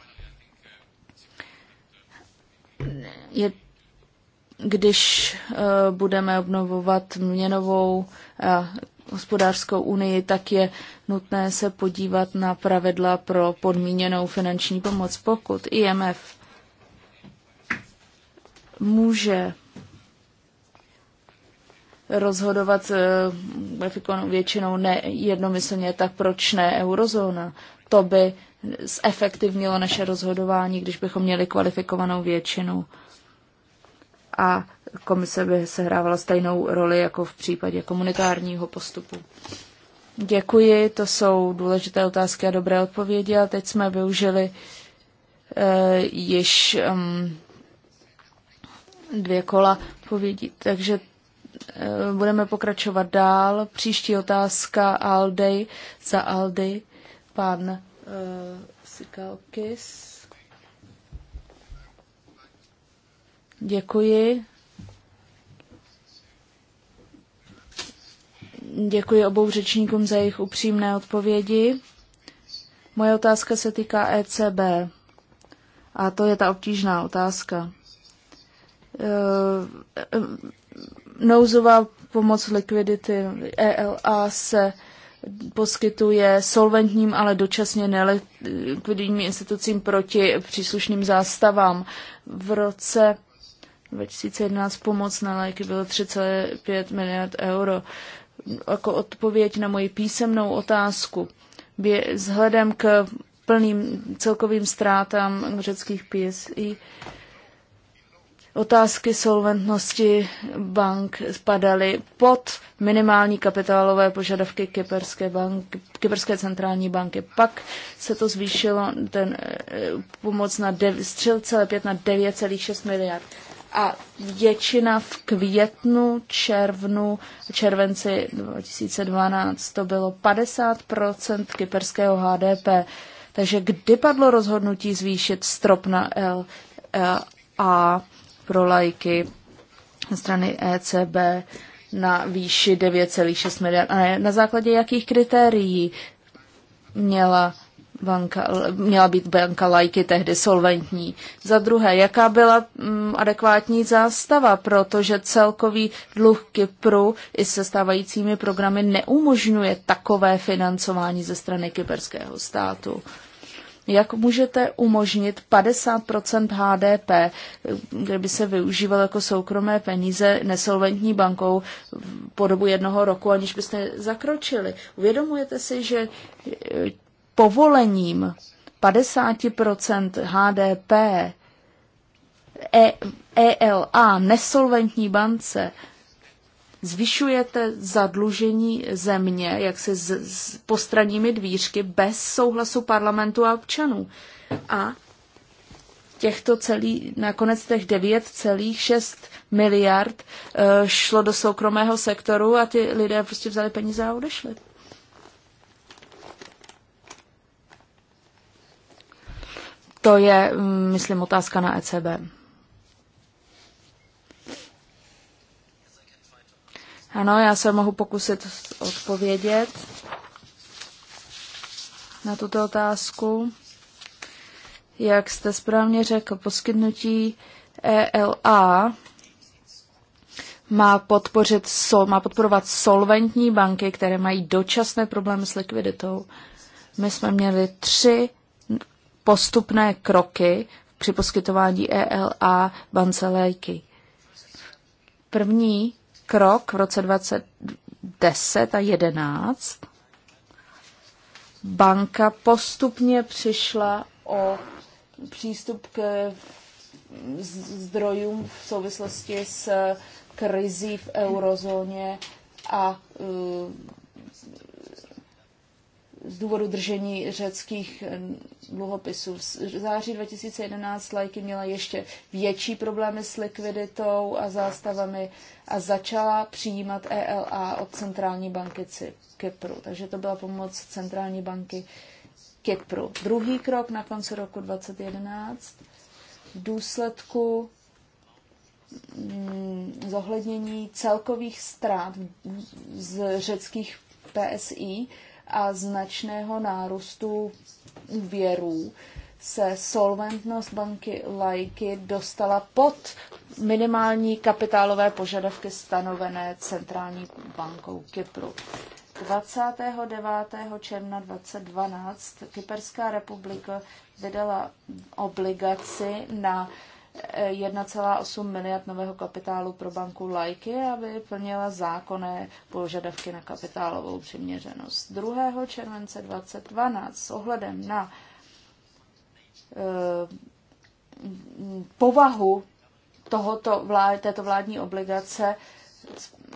je, když eh, budeme obnovovat měnovou uh, hospodářskou unii, tak je nutné se podívat na pravidla pro podmíněnou finanční pomoc. Pokud IMF může rozhodovat uh, většinou ne jednomyslně, tak proč ne eurozóna? To by zefektivnilo naše rozhodování, když bychom měli kvalifikovanou většinu a komise by sehrávala stejnou roli jako v případě komunitárního postupu. Děkuji, to jsou důležité otázky a dobré odpovědi a teď jsme využili eh, již um, dvě kola odpovědí, takže eh, budeme pokračovat dál. Příští otázka Aldej za Aldy, Pán Eh, Sikalkis. Děkuji. Děkuji obou řečníkům za jejich upřímné odpovědi. Moje otázka se týká ECB. A to je ta obtížná otázka. Eh, eh, nouzová pomoc likvidity ELA se poskytuje solventním, ale dočasně nelikvidním institucím proti příslušným zástavám. V roce 2011 pomoc na léky bylo 3,5 miliard euro. Jako odpověď na moji písemnou otázku, vzhledem k plným celkovým ztrátám řeckých PSI, otázky solventnosti bank spadaly pod minimální kapitálové požadavky Kyperské, bank, Kyperské centrální banky. Pak se to zvýšilo, ten eh, pomoc na 3,5 na 9,6 miliard. A většina v květnu, červnu, červenci 2012 to bylo 50% kyperského HDP. Takže kdy padlo rozhodnutí zvýšit strop na L a pro lajky strany ECB na výši 9,6 miliard. A na základě jakých kritérií měla, banka, měla být banka lajky tehdy solventní? Za druhé, jaká byla mm, adekvátní zástava, protože celkový dluh Kypru i se stávajícími programy neumožňuje takové financování ze strany kyperského státu. Jak můžete umožnit 50 HDP, kde by se využíval jako soukromé peníze nesolventní bankou po dobu jednoho roku, aniž byste zakročili? Uvědomujete si, že e, povolením 50 HDP ELA, nesolventní bance, zvyšujete zadlužení země, jak se s z postranními dvířky, bez souhlasu parlamentu a občanů. A těchto celý, nakonec těch 9,6 miliard eh, šlo do soukromého sektoru a ty lidé prostě vzali peníze a odešli. To je, mm, myslím, otázka na ECB. Ano, já se mohu pokusit odpovědět na tuto otázku. Jak jste správně řekl, poskytnutí ELA má, podpořit, má podporovat solventní banky, které mají dočasné problémy s likviditou. My jsme měli tři postupné kroky při poskytování ELA bance léky. První krok v roce 2010 a 2011 banka postupně přišla o přístup k zdrojům v souvislosti s krizí v eurozóně a uh, z důvodu držení řeckých eh, dluhopisů. V září 2011 Lajky měla ještě větší problémy s likviditou a zástavami a začala přijímat ELA od centrální banky Kypru. Takže to byla pomoc centrální banky Kypru. Druhý krok na konci roku 2011 v důsledku mm, zohlednění celkových ztrát z řeckých PSI a značného nárůstu úvěrů se solventnost banky Lajky dostala pod minimální kapitálové požadavky stanovené Centrální bankou Kypru. 29. června 2012 Kyperská republika vydala obligaci na 1,8 miliard nového kapitálu pro banku Lajky, aby plnila zákonné požadavky na kapitálovou přiměřenost. 2. července 2012 s ohledem na eh, povahu tohoto vlád, této vládní obligace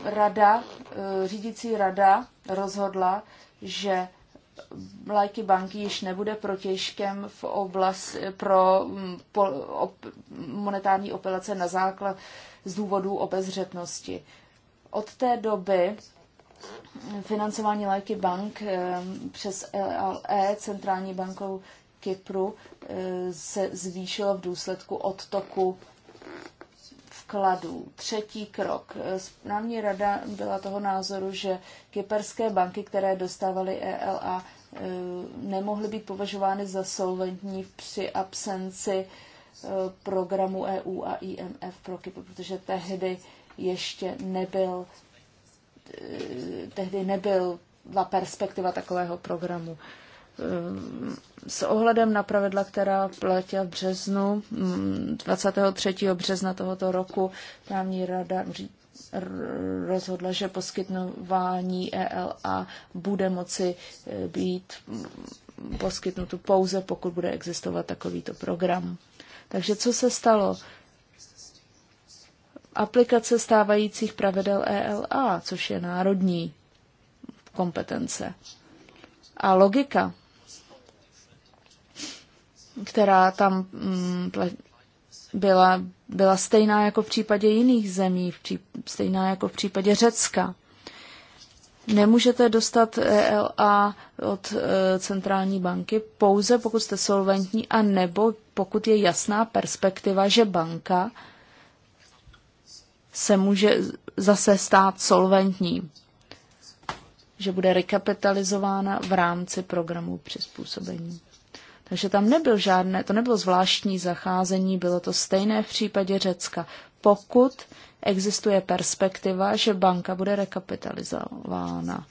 rada, eh, řídící rada rozhodla, že Lajky banky již nebude protěžkem v oblast pro mm, po, op, monetární operace na základ z důvodu obezřetnosti. Od té doby financování Lajky bank eh, přes LLE, e, centrální bankou Kypru, eh, se zvýšilo v důsledku odtoku vkladů. Třetí krok. E, Správní rada byla toho názoru, že kyperské banky, které dostávaly ELA, e, nemohly být považovány za solventní při absenci e, programu EU a IMF pro Kypr, protože tehdy ještě nebyl tehdy nebyl perspektiva takového programu. Eh, s ohledem na pravidla, která platila v březnu, 23. Mm, března tohoto roku, právní rada rozhodla, že poskytnování ELA bude moci eh, být poskytnuto pouze, pokud bude existovat takovýto program. Takže co se stalo? Aplikace stávajících pravidel ELA, což je národní kompetence. A logika která tam mm, byla, byla stejná jako v případě jiných zemí, v pří, stejná jako v případě Řecka. Nemůžete dostat ELA od e, centrální banky pouze pokud jste solventní a nebo pokud je jasná perspektiva, že banka se může zase stát solventní, že bude rekapitalizována v rámci programu přizpůsobení. Takže tam nebyl žádné, to nebylo zvláštní zacházení, bylo to stejné v případě Řecka. Pokud existuje perspektiva, že banka bude rekapitalizována,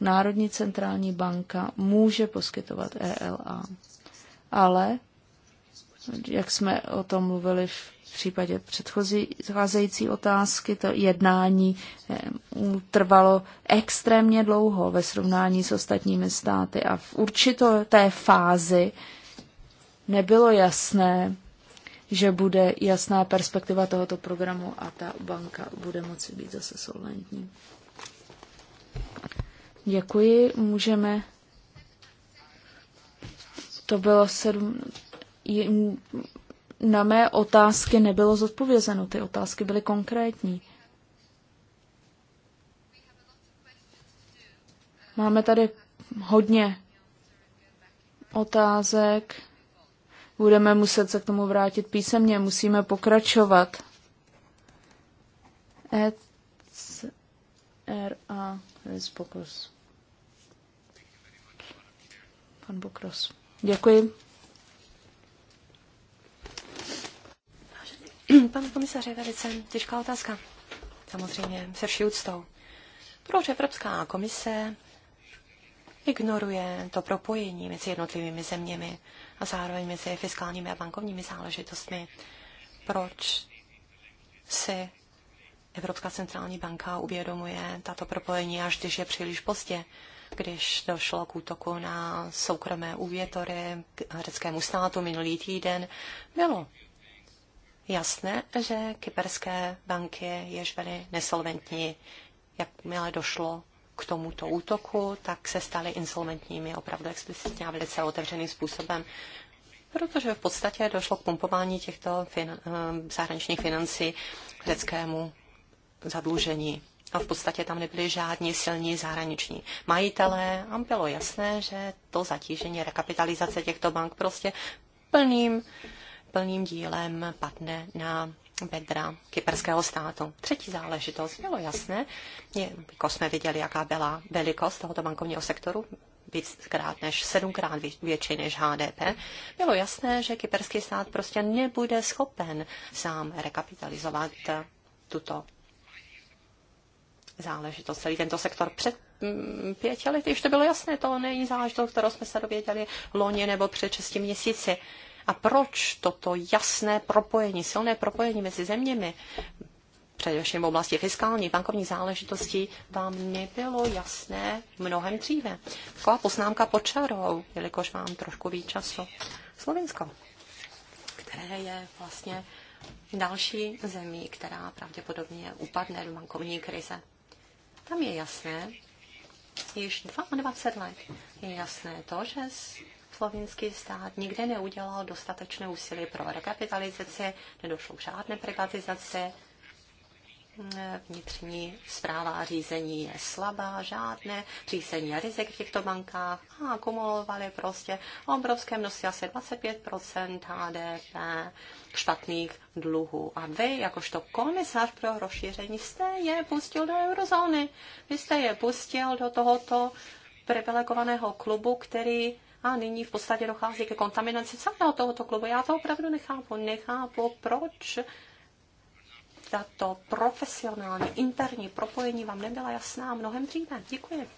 Národní centrální banka může poskytovat ELA. Ale, jak jsme o tom mluvili v v případě zcházející otázky to jednání eh, trvalo extrémně dlouho ve srovnání s ostatními státy a v určité fázi nebylo jasné, že bude jasná perspektiva tohoto programu a ta banka bude moci být zase solventní. Děkuji, můžeme. To bylo sedm na mé otázky nebylo zodpovězeno. Ty otázky byly konkrétní. Máme tady hodně otázek. Budeme muset se k tomu vrátit písemně, musíme pokračovat. ECRA Pan Bokros. Děkuji. [CLEARS THROAT] Pan komisař velice těžká otázka. Samozřejmě, se vší úctou. Proč Evropská komise ignoruje to propojení mezi jednotlivými zeměmi a zároveň mezi fiskálními a bankovními záležitostmi? Proč si Evropská centrální banka uvědomuje tato propojení, až když je příliš pozdě, když došlo k útoku na soukromé úvětory k řeckému státu minulý týden, bylo jasné, že kyperské banky jež byly nesolventní. Jakmile došlo k tomuto útoku, tak se staly insolventními opravdu explicitně a velice otevřeným způsobem. Protože v podstatě došlo k pumpování těchto fin- eh, zahraničních financí řeckému zadlužení. A v podstatě tam nebyli žádní silní zahraniční majitelé a bylo jasné, že to zatížení rekapitalizace těchto bank prostě plným plným dílem padne na bedra kyperského státu. Třetí záležitost bylo jasné, je, jako jsme viděli, jaká byla velikost tohoto bankovního sektoru, víckrát než sedmkrát větší než HDP, bylo jasné, že kyperský stát prostě nebude schopen sám rekapitalizovat tuto záležitost, celý tento sektor před mm, pěti lety. Už to bylo jasné, to není záležitost, kterou jsme se dověděli loni nebo před šesti měsíci. A proč toto jasné propojení, silné propojení mezi zeměmi, především v oblasti fiskální, bankovní záležitosti, vám nebylo jasné mnohem dříve. Taková poznámka pod čarou, jelikož mám trošku víc času. Slovinsko, které je vlastně další zemí, která pravděpodobně upadne do bankovní krize. Tam je jasné, již 22 let je jasné to, že slovinský stát nikdy neudělal dostatečné úsilí pro rekapitalizaci, nedošlo k žádné privatizaci, vnitřní zpráva a řízení je slabá, žádné řízení rizik v těchto bankách a akumulovaly prostě obrovské množství, asi 25% HDP špatných dluhů. A vy, jakožto komisař pro rozšíření, jste je pustil do eurozóny. Vy jste je pustil do tohoto privilegovaného klubu, který a nyní v podstatě dochází ke kontaminaci celého tohoto klubu. Já to opravdu nechápu. Nechápu, proč tato profesionální interní propojení vám nebyla jasná mnohem dříve. Děkuji.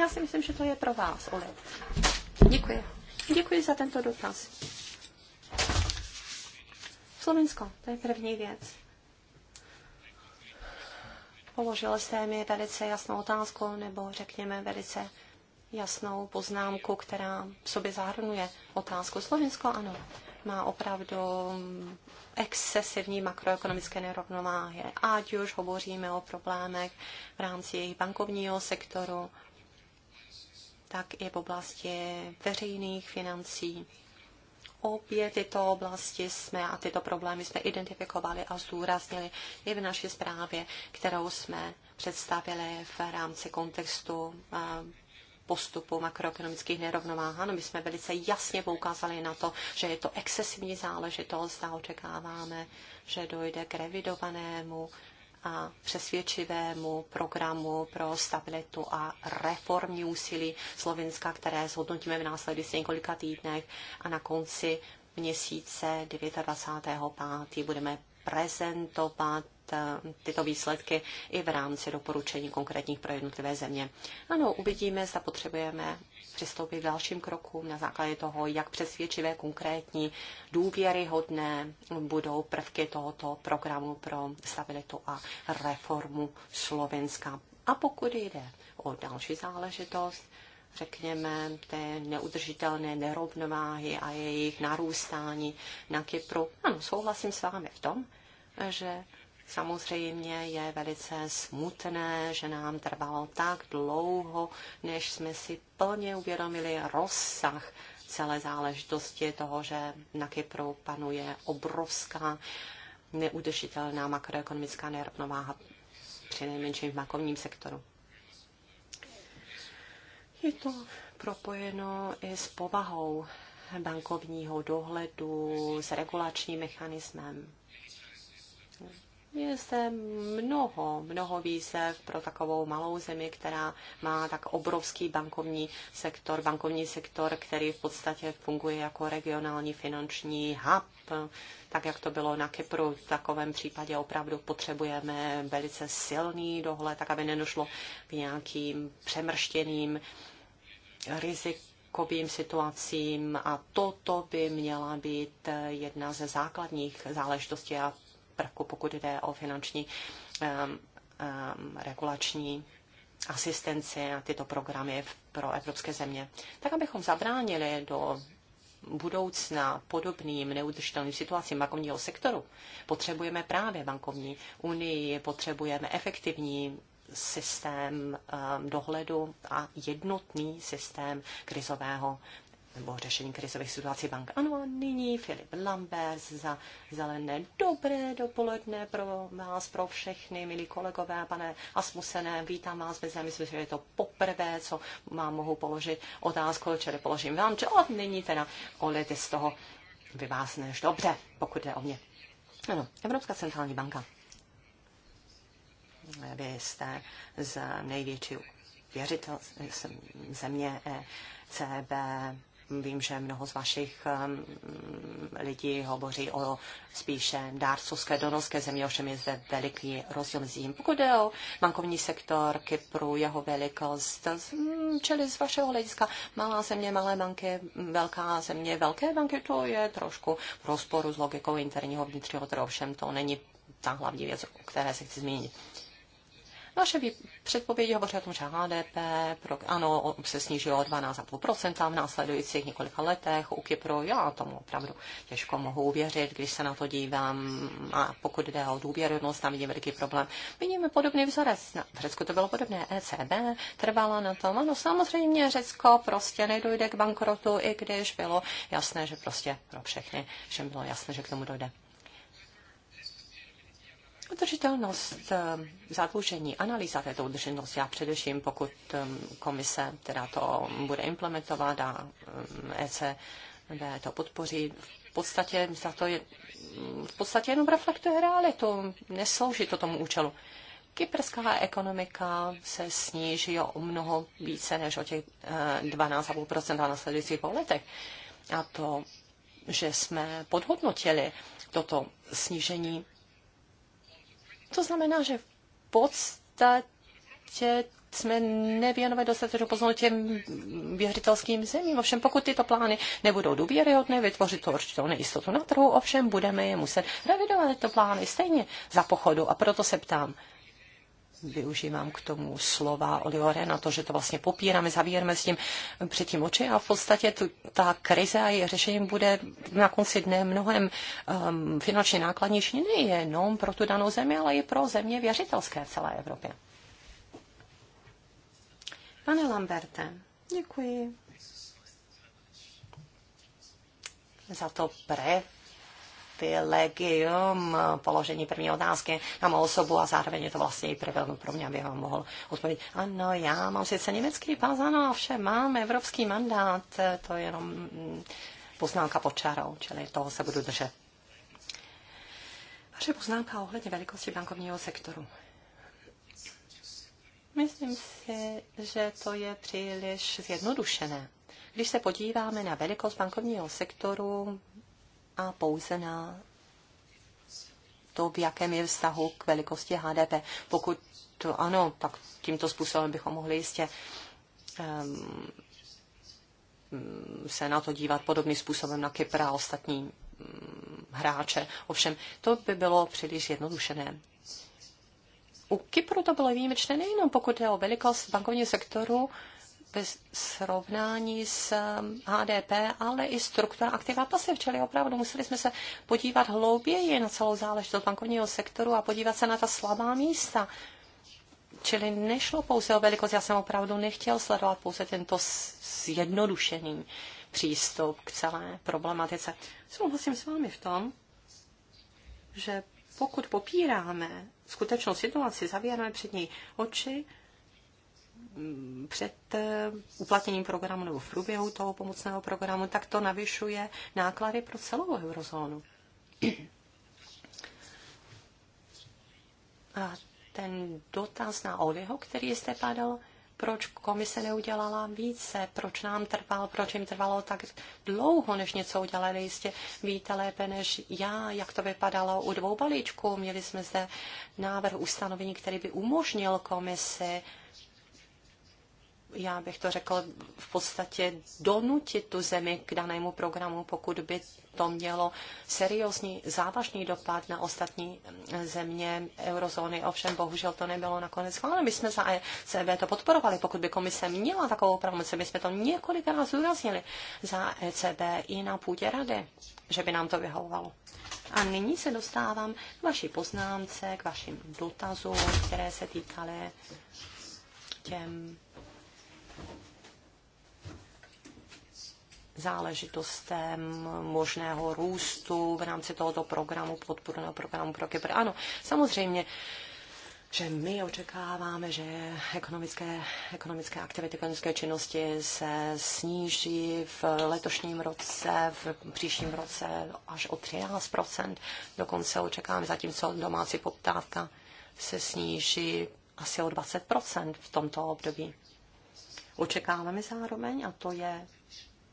Já si myslím, že to je pro vás, Oli. Děkuji. Děkuji za tento dotaz. Slovensko, to je první věc. Položil jste mi velice jasnou otázku, nebo řekněme velice jasnou poznámku, která v sobě zahrnuje otázku. Slovensko ano, má opravdu excesivní makroekonomické nerovnováhy. Ať už hovoříme o problémech v rámci jejich bankovního sektoru, tak i v oblasti veřejných financí. Obě tyto oblasti jsme a tyto problémy jsme identifikovali a zdůraznili i v naší zprávě, kterou jsme představili v rámci kontextu eh, postupu makroekonomických nerovnováh. Ano, my jsme velice jasně poukázali na to, že je to excesivní záležitost a očekáváme, že dojde k revidovanému a přesvědčivému programu pro stabilitu a reformní úsilí Slovenska, které zhodnotíme v následujících několika týdnech a na konci měsíce 29.5. budeme prezentovat Eh, tyto výsledky i v rámci doporučení konkrétních pro jednotlivé země. Ano, uvidíme, zda potřebujeme přistoupit k dalším krokům na základě toho, jak přesvědčivé, konkrétní, důvěryhodné budou prvky tohoto programu pro stabilitu a reformu Slovenska. A pokud jde o další záležitost, řekněme, té neudržitelné nerovnováhy a jejich narůstání na Kypru. Ano, souhlasím s vámi v tom, že Samozřejmě je velice smutné, že nám trvalo tak dlouho, než jsme si plně uvědomili rozsah celé záležitosti toho, že na Kypru panuje obrovská neudržitelná makroekonomická nerovnováha, přinejmenším v bankovním sektoru. Je to propojeno i s povahou bankovního dohledu, s regulačním mechanismem. Je zde mnoho, mnoho výzev pro takovou malou zemi, která má tak obrovský bankovní sektor, bankovní sektor, který v podstatě funguje jako regionální finanční hub, tak jak to bylo na Kypru. V takovém případě opravdu potřebujeme velice silný dohled, tak aby nenošlo k nějakým přemrštěným rizikům kovým situacím a toto by měla být jedna ze základních záležitostí a prvku, pokud jde o finanční um, um, regulační asistenci a tyto programy pro evropské země. Tak, abychom zabránili do budoucna podobným neudržitelným situacím bankovního sektoru, potřebujeme právě bankovní unii, potřebujeme efektivní systém um, dohledu a jednotný systém krizového nebo řešení krizových situací bank. Ano, nyní Filip Lambert za zelené. Dobré dopoledne pro vás, pro všechny, milí kolegové, pane Asmusené, vítám vás zemi, Myslím, že je to poprvé, co vám mohu položit otázku, čili položím vám, že od nyní teda olety z toho než dobře, pokud jde o mě. Ano, Evropská centrální banka. Vy jste z největší věřitel země ECB, Vím, že mnoho z vašich um, lidí hovoří o spíše dárcovské, donorské země, ovšem je zde veliký rozdíl mezi tím. Pokud jde o bankovní sektor Kypru, jeho velikost, hm, čili z vašeho hlediska malá země, malé banky, velká země, velké banky, to je trošku v rozporu s logikou interního vnitřního trhu, ovšem to není ta hlavní věc, o které se chci zmínit. Naše předpovědi hovoří o tom, že HDP pro, ano, se snížilo o 12,5% v následujících několika letech u Kypru. Já tomu opravdu těžko mohu uvěřit, když se na to dívám. A pokud jde o důvěrnost, tam vidím velký problém. Vidíme podobný vzorec. Na, v Řecku to bylo podobné. ECB trvalo na tom. Ano, samozřejmě Řecko prostě nedojde k bankrotu, i když bylo jasné, že prostě pro všechny, všem bylo jasné, že k tomu dojde. Udržitelnost eh, zadlužení, analýza této udržitelnosti a především pokud eh, komise která to bude implementovat a ECB eh, e to podpoří, v podstatě, za to je, v podstatě jenom reflektuje realitu, neslouží to tomu účelu. Kyperská ekonomika se sníží o mnoho více než o těch 12,5% na následujících letech. A to, že jsme podhodnotili toto snížení to znamená, že v podstatě jsme nevěnovali dostatečnou pozornost těm věřitelským zemím. Ovšem, pokud tyto plány nebudou důvěryhodné, vytvoří to určitou nejistotu na trhu, ovšem budeme je muset revidovat tyto plány stejně za pochodu. A proto se ptám, využívám k tomu slova Oliore na to, že to vlastně popíráme, zavíráme s tím před tím oči a v podstatě tu, ta krize a její řešení bude na konci dne mnohem um, finančně nákladnější nejenom pro tu danou zemi, ale i pro země věřitelské v celé Evropě. Pane Lamberte, děkuji za to brev privilegium položení první otázky na mou osobu a zároveň je to vlastně i privilegium pro mě, abych vám mohl odpovědět. Ano, já mám sice německý pas, ano, ovšem mám evropský mandát, to je jenom mm, poznámka pod čarou, čili toho se budu držet. Vaše poznámka ohledně velikosti bankovního sektoru. Myslím si, že to je příliš zjednodušené. Když se podíváme na velikost bankovního sektoru a pouze na to, v jakém je vztahu k velikosti HDP. Pokud to ano, tak tímto způsobem bychom mohli jistě um, se na to dívat podobným způsobem na Kypr a ostatní um, hráče. Ovšem, to by bylo příliš jednodušené. U Kypru to bylo výjimečné nejenom pokud je o velikost bankovního sektoru, ve srovnání s um, HDP, ale i struktura aktiva pasiv, čili opravdu museli jsme se podívat hlouběji na celou záležitost bankovního sektoru a podívat se na ta slabá místa. Čili nešlo pouze o velikost, já jsem opravdu nechtěl sledovat pouze tento zjednodušený přístup k celé problematice. Souhlasím s vámi v tom, že pokud popíráme skutečnou situaci, zavíráme před ní oči, Mm, před eh, uplatněním programu nebo v průběhu toho pomocného programu, tak to navyšuje náklady pro celou eurozónu. [CLEARS THROAT] A ten dotaz na Oliho, který jste padal, proč komise neudělala více, proč nám trval, proč jim trvalo tak dlouho, než něco udělali, jistě víte lépe než já, jak to vypadalo u dvou balíčků. Měli jsme zde návrh ustanovení, který by umožnil komisi já bych to řekl, v podstatě donutit tu zemi k danému programu, pokud by to mělo seriózní, závažný dopad na ostatní země eurozóny. Ovšem, bohužel to nebylo nakonec schváleno. My jsme za ECB to podporovali, pokud by komise měla takovou pravomoc. My jsme to několikrát zúraznili za ECB i na půdě rady, že by nám to vyhovovalo. A nyní se dostávám k vaší poznámce, k vašim dotazům, které se týkaly těm záležitostem možného růstu v rámci tohoto programu, podpůrného programu pro Kypr. Ano, samozřejmě, že my očekáváme, že ekonomické, ekonomické aktivity, ekonomické činnosti se sníží v letošním roce, v příštím roce až o 13 Dokonce očekáváme, zatímco domácí poptávka se sníží asi o 20 v tomto období. Očekáváme zároveň, a to je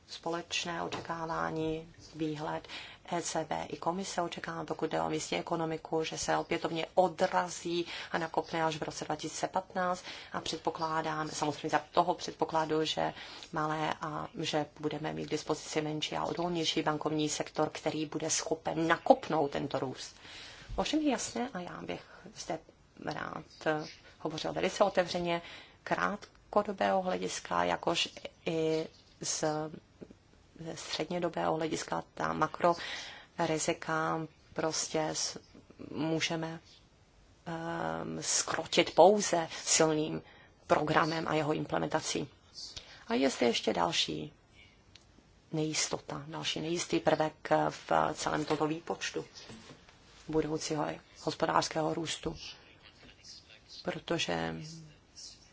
společné očekávání, výhled ECB i komise očekává, pokud jde o místní ekonomiku, že se opětovně odrazí a nakopne až v roce 2015 a předpokládám, samozřejmě za toho předpokladu, že malé a že budeme mít k dispozici menší a odolnější bankovní sektor, který bude schopen nakopnout tento růst. Ovšem je jasné a já bych zde rád hovořil velice otevřeně, krát, krátkodobého hlediska, jakož i z, ze střednědobého hlediska, ta makro rizika prostě můžeme um, skrotit pouze silným programem a jeho implementací. A je zde ještě další nejistota, další nejistý prvek v celém tomto výpočtu budoucího hospodářského růstu, protože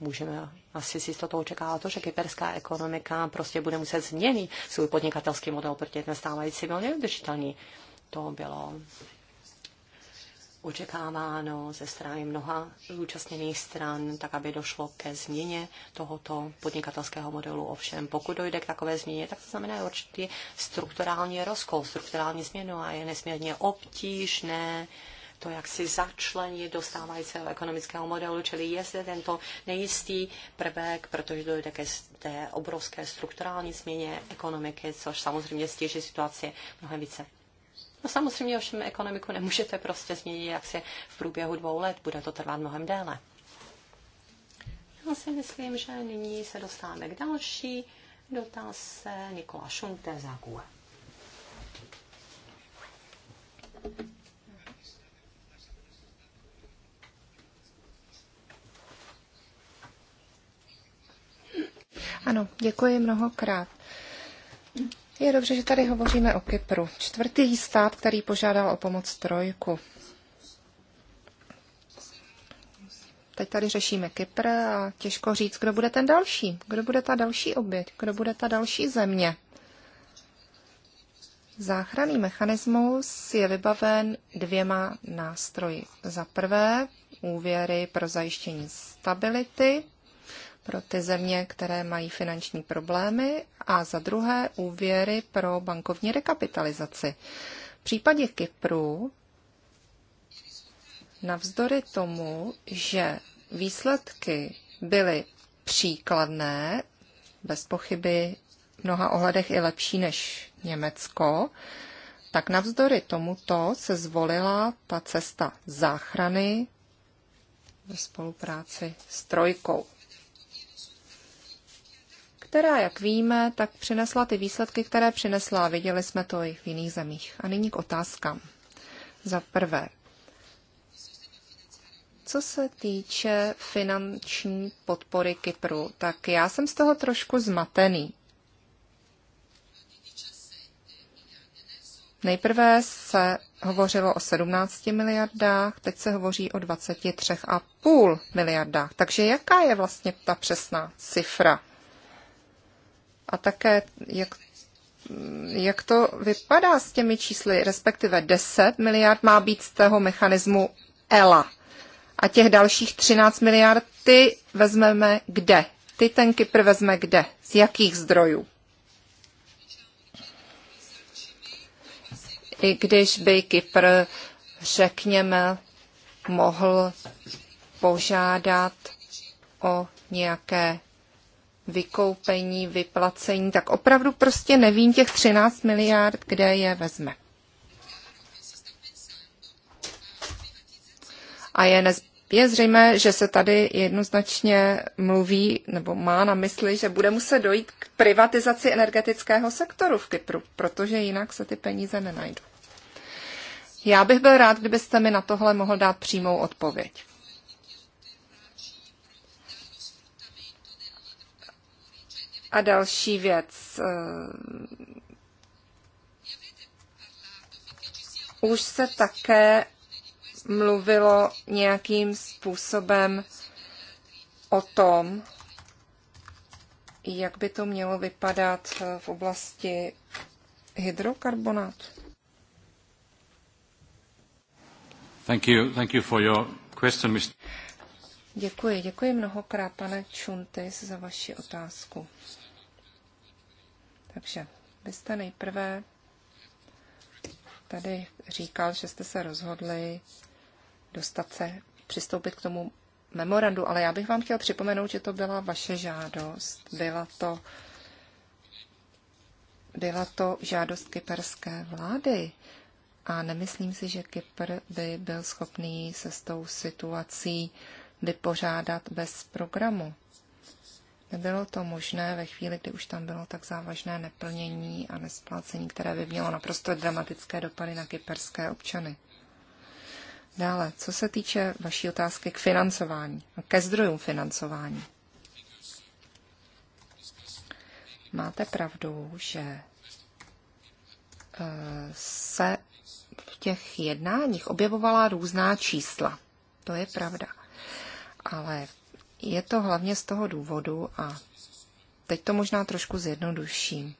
můžeme asi si to očekává to, že kyperská ekonomika prostě bude muset změnit svůj podnikatelský model, protože ten stávající byl neudržitelný. To bylo očekáváno ze strany mnoha zúčastněných stran, tak aby došlo ke změně tohoto podnikatelského modelu. Ovšem, pokud dojde k takové změně, tak to znamená určitý strukturální rozkol, strukturální změnu a je nesmírně obtížné to jak si začlení do stávajícího ekonomického modelu, čili je zde tento nejistý prvek, protože dojde ke té obrovské strukturální změně ekonomiky, což samozřejmě stíží situaci mnohem více. No samozřejmě ovšem ekonomiku nemůžete prostě změnit jak se v průběhu dvou let, bude to trvat mnohem déle. Já si myslím, že nyní se dostáváme k další dotaz Nikola Šunte za you. Ano, děkuji mnohokrát. Je dobře, že tady hovoříme o Kypru. Čtvrtý stát, který požádal o pomoc trojku. Teď tady řešíme Kypr a těžko říct, kdo bude ten další, kdo bude ta další oběť, kdo bude ta další země. Záchranný mechanismus je vybaven dvěma nástroji. Za prvé úvěry pro zajištění stability pro ty země, které mají finanční problémy a za druhé úvěry pro bankovní rekapitalizaci. V případě Kypru, navzdory tomu, že výsledky byly příkladné, bez pochyby v mnoha ohledech i lepší než Německo, tak navzdory tomuto se zvolila ta cesta záchrany ve spolupráci s trojkou která, jak víme, tak přinesla ty výsledky, které přinesla. Viděli jsme to i v jiných zemích. A nyní k otázkám. Za prvé, co se týče finanční podpory Kypru, tak já jsem z toho trošku zmatený. Nejprve se hovořilo o 17 miliardách, teď se hovoří o 23,5 miliardách. Takže jaká je vlastně ta přesná cifra? A také, jak, jak to vypadá s těmi čísly, respektive 10 miliard má být z toho mechanismu ELA. A těch dalších 13 miliard ty vezmeme kde? Ty ten Kypr vezme kde? Z jakých zdrojů? I když by Kypr, řekněme, mohl požádat o nějaké vykoupení, vyplacení, tak opravdu prostě nevím těch 13 miliard, kde je vezme. A je, nez, je zřejmé, že se tady jednoznačně mluví nebo má na mysli, že bude muset dojít k privatizaci energetického sektoru v Kypru, protože jinak se ty peníze nenajdou. Já bych byl rád, kdybyste mi na tohle mohl dát přímou odpověď. A další věc. Eh, už se také mluvilo nějakým způsobem o tom, jak by to mělo vypadat v oblasti hydrokarbonátu. Thank you, thank you for your question, Mr. Děkuji, děkuji mnohokrát, pane Čuntis, za vaši otázku. Takže vy jste nejprve tady říkal, že jste se rozhodli dostat se, přistoupit k tomu memorandu, ale já bych vám chtěl připomenout, že to byla vaše žádost. Byla to, byla to žádost kyperské vlády. A nemyslím si, že Kypr by byl schopný se s tou situací vypořádat bez programu. Nebylo to možné ve chvíli, kdy už tam bylo tak závažné neplnění a nesplácení, které by mělo naprosto dramatické dopady na kyperské občany. Dále, co se týče vaší otázky k financování, no, ke zdrojům financování. Máte pravdu, že eh, se v těch jednáních objevovala různá čísla. To je pravda. Ale je to hlavně z toho důvodu a teď to možná trošku zjednoduším.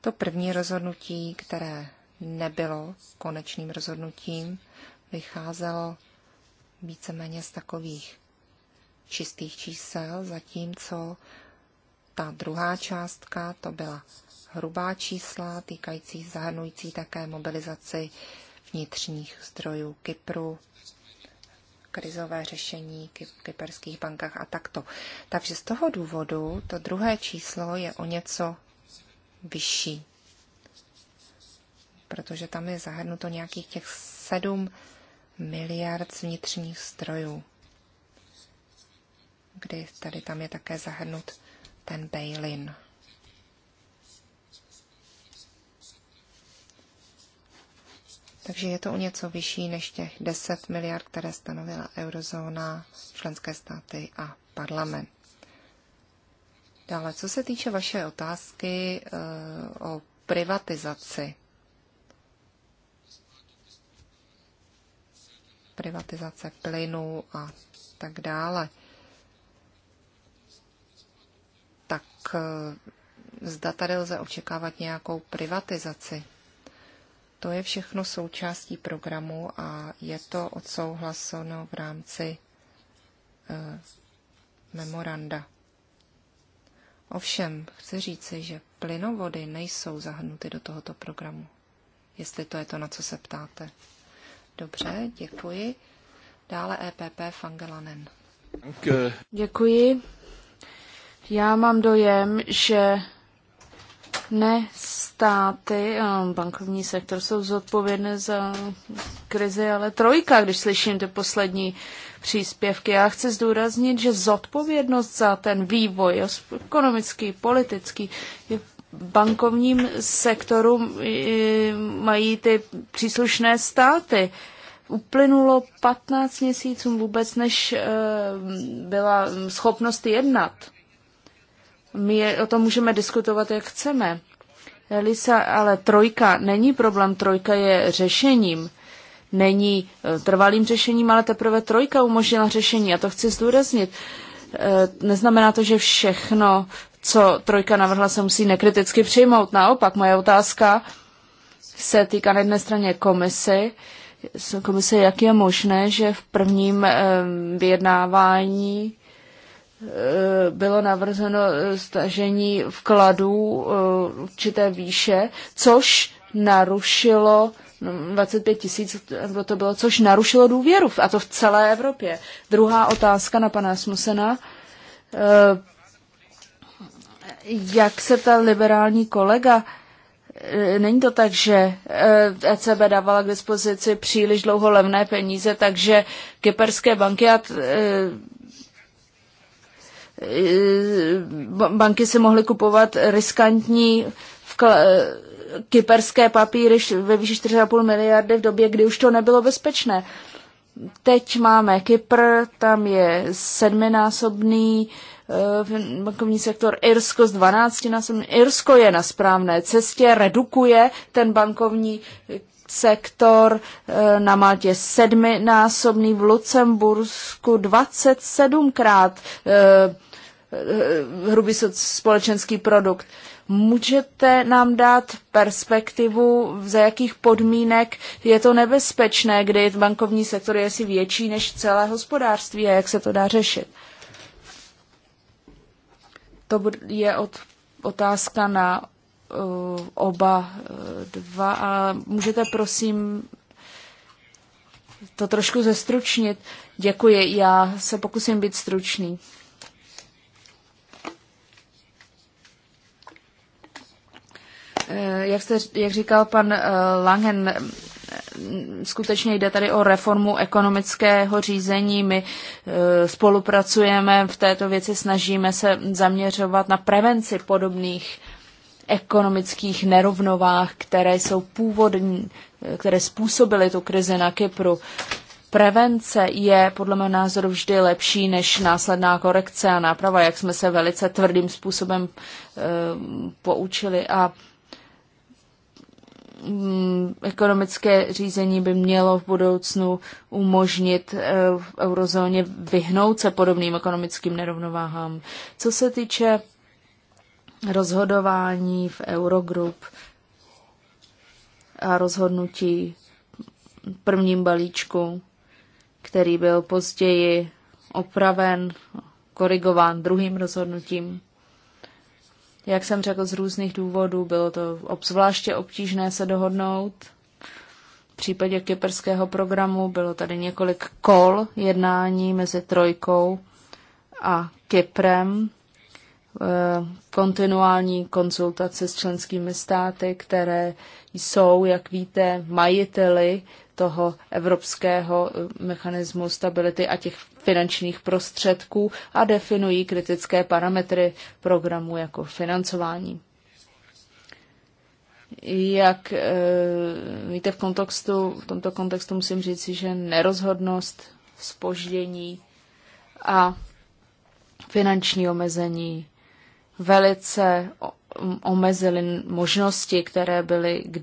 To první rozhodnutí, které nebylo konečným rozhodnutím, vycházelo víceméně z takových čistých čísel, zatímco ta druhá částka to byla hrubá čísla týkající zahrnující také mobilizaci vnitřních zdrojů Kypru krizové řešení v kyperských bankách a takto. Takže z toho důvodu to druhé číslo je o něco vyšší, protože tam je zahrnuto nějakých těch 7 miliard vnitřních strojů, kdy tady tam je také zahrnut ten bail-in. Takže je to o něco vyšší než těch 10 miliard, které stanovila eurozóna, členské státy a parlament. Dále, co se týče vaše otázky e, o privatizaci. Privatizace plynu a tak dále. Tak e, zda tady lze očekávat nějakou privatizaci. To je všechno součástí programu a je to odsouhlaseno v rámci eh, memoranda. Ovšem, chci říci, že plynovody nejsou zahrnuty do tohoto programu, jestli to je to, na co se ptáte. Dobře, děkuji. Dále EPP Fangelanen. Děkuji. Já mám dojem, že ne státy, eh, bankovní sektor jsou zodpovědné za krizi, ale trojka, když slyším ty poslední příspěvky. Já chci zdůraznit, že zodpovědnost za ten vývoj ekonomický, politický je bankovním sektoru mají ty příslušné státy. Uplynulo 15 měsíců vůbec, než eh, byla schopnost jednat. My je, o tom můžeme diskutovat, jak chceme. Lisa, ale trojka není problém, trojka je řešením. Není eh, trvalým řešením, ale teprve trojka umožnila řešení. A to chci zdůraznit. Eh, neznamená to, že všechno, co trojka navrhla, se musí nekriticky přijmout. Naopak, moje otázka se týká na jedné straně komisy, komise, jak je možné, že v prvním eh, vyjednávání Eh, bylo navrženo eh, stažení vkladů eh, určité výše, což narušilo 25 no, tisíc, to bylo, což narušilo důvěru, a to v celé Evropě. Druhá otázka na pana Smusena. Jak se ta liberální kolega, není to tak, že ECB e dávala k dispozici příliš dlouho levné peníze, takže kyperské banky a banky si mohly kupovat riskantní kyperské papíry ve výši 4,5 miliardy v době, kdy už to nebylo bezpečné. Teď máme Kypr, tam je sedminásobný eh, bankovní sektor, Irsko z 12 násobný. Irsko je na správné cestě, redukuje ten bankovní sektor, eh, na Maltě sedminásobný, v Lucembursku 27krát Eh, hrubý společenský produkt. Můžete nám dát perspektivu, za jakých podmínek je to nebezpečné, kdy bankovní sektor je si větší než celé hospodářství a jak se to dá řešit? To je od, otázka na uh, oba uh, dva a můžete prosím to trošku zestručnit. Děkuji, já se pokusím být stručný. Eh, jak, jste, jak říkal pan eh, Langen, eh, skutečně jde tady o reformu ekonomického řízení. My spolupracujeme v této věci, snažíme se zaměřovat na prevenci podobných ekonomických nerovnovách, které jsou původní, které způsobily tu krizi na Kypru. Prevence je podle mého názoru vždy lepší než následná korekce a náprava, jak jsme se velice tvrdým způsobem e, poučili. A Mm, ekonomické řízení by mělo v budoucnu umožnit eh, v eurozóně vyhnout se podobným ekonomickým nerovnováhám. Co se týče rozhodování v Eurogroup a rozhodnutí prvním balíčku, který byl později opraven, korigován druhým rozhodnutím, jak jsem řekl, z různých důvodů bylo to obzvláště obtížné se dohodnout. V případě kyperského programu bylo tady několik kol jednání mezi trojkou a Kyprem. Eh, kontinuální konzultace s členskými státy, které jsou, jak víte, majiteli toho evropského eh, mechanismu stability a těch finančních prostředků a definují kritické parametry programu jako financování. Jak eh, víte, v, kontextu, v tomto kontextu musím říci, že nerozhodnost, spoždění a finanční omezení velice omezili možnosti, které byly k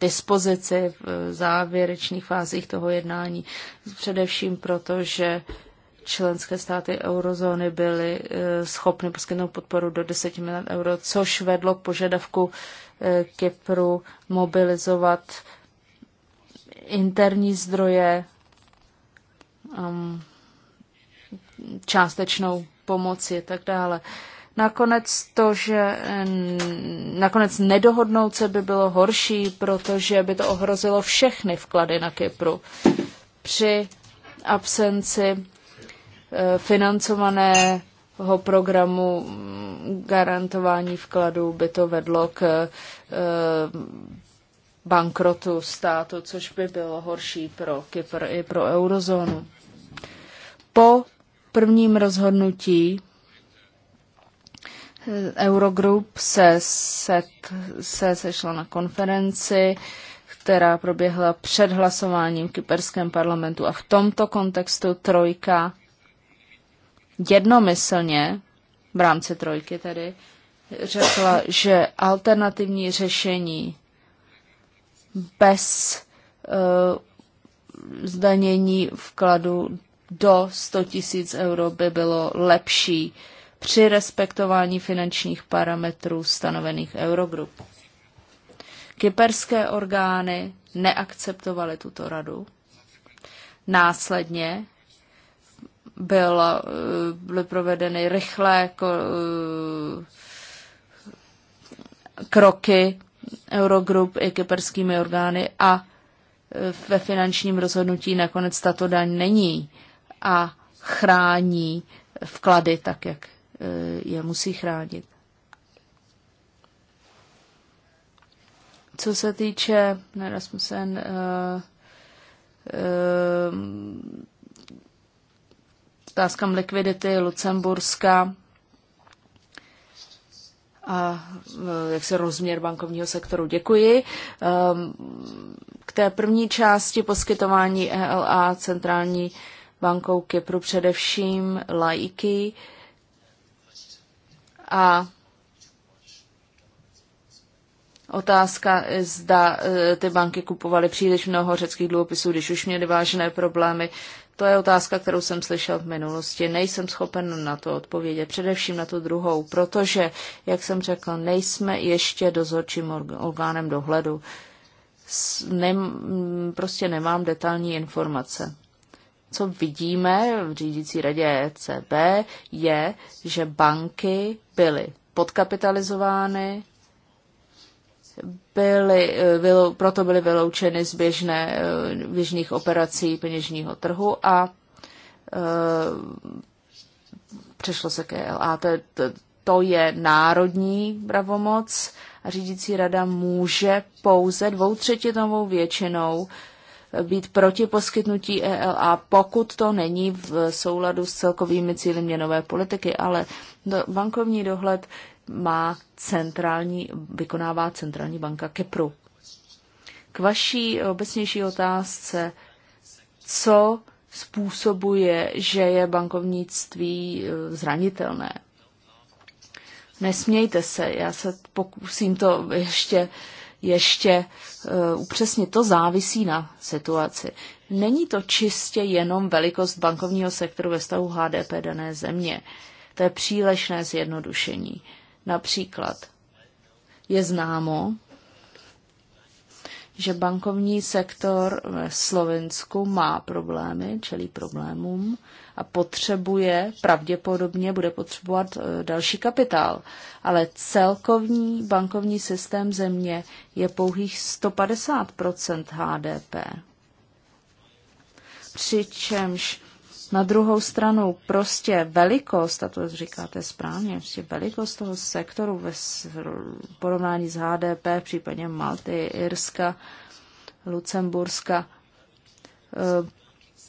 dispozici v závěrečných fázích toho jednání. Především proto, že členské státy eurozóny byly eh, schopny poskytnout podporu do 10 miliard euro, což vedlo k požadavku eh, Kypru mobilizovat interní zdroje, ehm, částečnou pomoci a tak dále. Uh, Nakonec to, že nakonec nedohodnout se by bylo horší, protože by to ohrozilo všechny vklady na Kypru. Při absenci e, financovaného programu garantování vkladů by to vedlo k e, bankrotu státu, což by bylo horší pro Kypr i pro eurozónu. Po prvním rozhodnutí Eurogroup se, set, se sešla na konferenci, která proběhla před hlasováním v kyperském parlamentu a v tomto kontextu trojka jednomyslně, v rámci trojky tedy, řekla, že alternativní řešení bez uh, zdanění vkladu do 100 000 euro by bylo lepší při respektování finančních parametrů stanovených Eurogroup. Kyperské orgány neakceptovaly tuto radu. Následně byla, eh, byly provedeny rychlé eh, kroky Eurogroup i kyperskými orgány a eh, ve finančním rozhodnutí nakonec tato daň není a chrání vklady tak, jak Eh, je musí chránit. Co se týče Erasmusen, eh, eh, otázkám likvidity Lucemburska a jak se rozměr bankovního sektoru. Děkuji. K té první části poskytování ELA centrální bankou Kypru především lajky. Uh, a Otázka, zda e, ty banky kupovaly příliš mnoho řeckých dluhopisů, když už měly vážné problémy, to je otázka, kterou jsem slyšel v minulosti. Nejsem schopen na to odpovědět, především na tu druhou, protože, jak jsem řekl, nejsme ještě dozorčím orgánem dohledu. Nem, prostě nemám detailní informace co vidíme v řídící radě ECB, je, že banky byly podkapitalizovány, byly, bylo, proto byly vyloučeny z běžné, eh, běžných operací peněžního trhu a e, přešlo se ke LA. To, to, to je národní pravomoc a řídící rada může pouze dvoutřetinovou většinou e, být proti poskytnutí ELA, pokud to není v souladu s celkovými cíly měnové politiky, ale bankovní dohled má centrální, vykonává centrální banka Kepru. K vaší obecnější otázce, co způsobuje, že je bankovnictví eh, zranitelné. Nesmějte se, já se pokusím to ještě uh, ještě e, upřesnit. To závisí na situaci. Není to čistě jenom velikost bankovního sektoru ve stavu HDP dané země. To je přílešné zjednodušení. Například je známo, že bankovní sektor ve Slovensku má problémy, čelí problémům a potřebuje, pravděpodobně bude potřebovat e, další kapitál. Ale celkovní bankovní systém země je pouhých 150 HDP. Přičemž na druhou stranu prostě velikost, a to říkáte správně, prostě velikost toho sektoru ve porovnání s HDP, případně Malty, Irska, Lucemburska, e,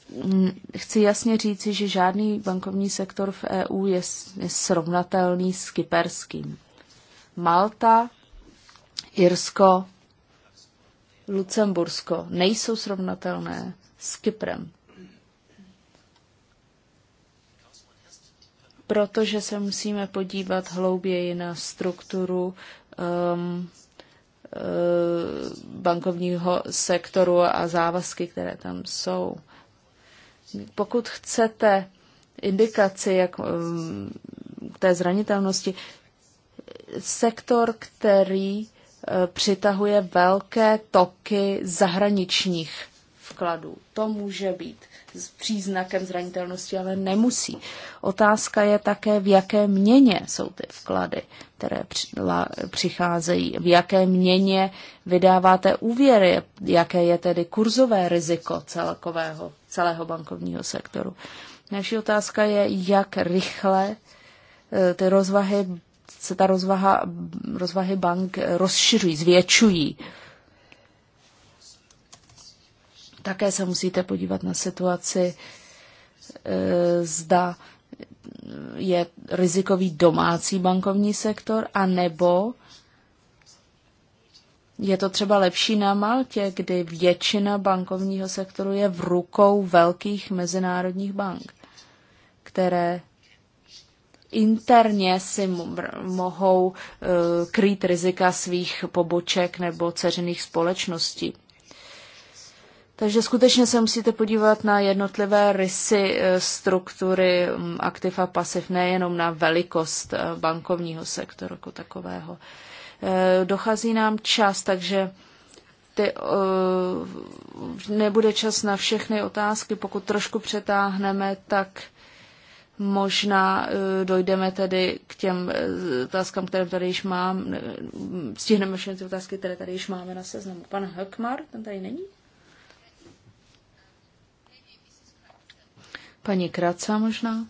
Mm, chci jasně říci, že žádný bankovní sektor v EU je, je srovnatelný s kyperským. Malta, Irsko, Lucembursko nejsou srovnatelné s Kyprem. Protože se musíme podívat hlouběji na strukturu um, uh, bankovního sektoru a závazky, které tam jsou pokud chcete indikaci jak, um, té zranitelnosti, sektor, který uh, přitahuje velké toky zahraničních vkladů. To může být s příznakem zranitelnosti, ale nemusí. Otázka je také, v jaké měně jsou ty vklady, které přicházejí, v jaké měně vydáváte úvěry, jaké je tedy kurzové riziko celkového, celého bankovního sektoru. Naší otázka je, jak rychle e, ty rozvahy, se ta rozvaha, rozvahy bank rozšiřují, zvětšují. Také se musíte podívat na situaci, e, zda je rizikový domácí bankovní sektor, a nebo je to třeba lepší na Maltě, kdy většina bankovního sektoru je v rukou velkých mezinárodních bank, které interně si mohou uh, krýt rizika svých poboček nebo ceřených společností. Takže skutečně se musíte podívat na jednotlivé rysy eh, struktury mm, aktiv a pasiv, nejenom na velikost eh, bankovního sektoru jako takového. Eh, dochází nám čas, takže ty, nebude čas na všechny otázky. Pokud trošku přetáhneme, tak možná dojdeme tedy k těm otázkám, které tady již mám. Mm, stihneme všechny ty otázky, které tady již máme na seznamu. Pan Hökmar, ten tady není? Paní Kraca možná?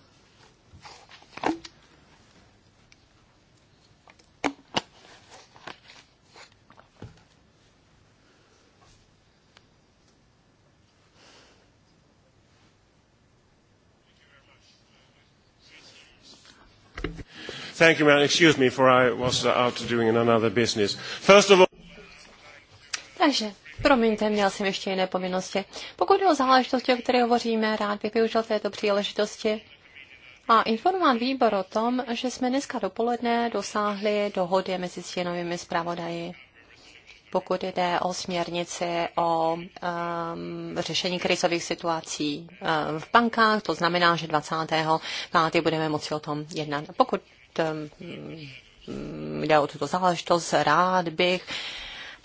Thank you, man. Excuse me, for I was out doing another business. First of all... Takže Promiňte, měl jsem ještě jiné povinnosti. Pokud je o záležitosti, o které hovoříme, rád bych využil této příležitosti a informovat výbor o tom, že jsme dneska dopoledne dosáhli dohody mezi stěnovými zpravodaji pokud jde o směrnici o um, řešení krizových situací um, v bankách. To znamená, že 25. budeme moci o tom jednat. Pokud um, um jde o tuto záležitost, rád bych uh,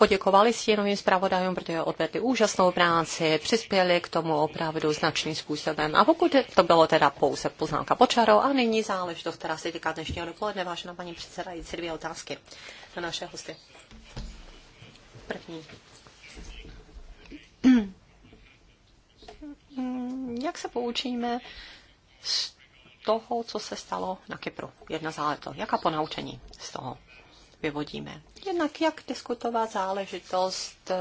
poděkovali stínovým zpravodajům, protože odvedli úžasnou práci, přispěli k tomu opravdu značným způsobem. A pokud to bylo teda pouze poznámka počarou a nyní záležitost, která se týká dnešního dopoledne, vážená paní předsedající, dvě otázky na naše hosty. První. [CLEARS THROAT] Jak se poučíme z toho, co se stalo na Kypru? Jedna záležitost. Jaká ponaučení z toho? vyvodíme. Jednak jak diskutovat záležitost eh,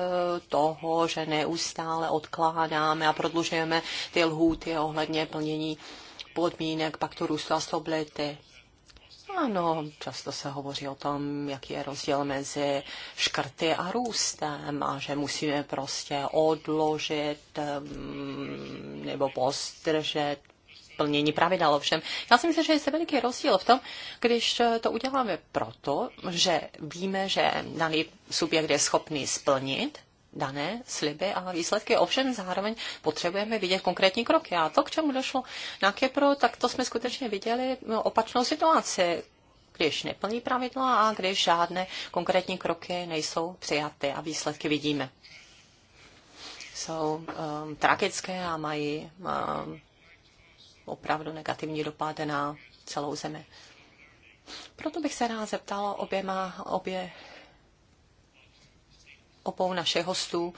toho, že neustále odkládáme a prodlužujeme ty lhůty ohledně plnění podmínek paktu růstu a stability. Ano, často se hovoří o tom, jaký je rozdíl mezi škrty a růstem a že musíme prostě odložit ehm, nebo postržet plnění pravidel ovšem. Já si myslím, že je veliký rozdíl v tom, když to uděláme proto, že víme, že daný subjekt je schopný splnit dané sliby a výsledky. Ovšem zároveň potřebujeme vidět konkrétní kroky. A to, k čemu došlo na Kypru, tak to jsme skutečně viděli no, opačnou situaci když neplní pravidla a když žádné konkrétní kroky nejsou přijaty a výsledky vidíme. Jsou um, tragické a mají um, opravdu negativní dopad na celou zemi. Proto bych se rád zeptala oběma, obě, obou našich hostů,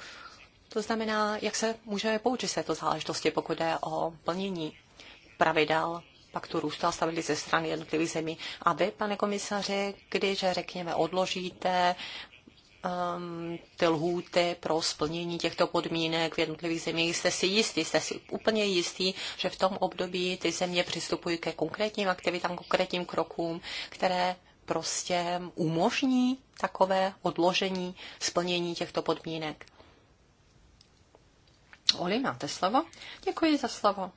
to znamená, jak se můžeme poučit z této záležitosti, pokud jde o plnění pravidel paktu růstu a stavili ze strany jednotlivých zemí. A vy, pane komisaři, když, řekněme, odložíte um, ty lhůty pro splnění těchto podmínek v jednotlivých zemích, jste si jistý, jste si úplně jistý, že v tom období ty země přistupují ke konkrétním aktivitám, konkrétním krokům, které prostě umožní takové odložení splnění těchto podmínek. Oli, máte slovo? Děkuji za slovo.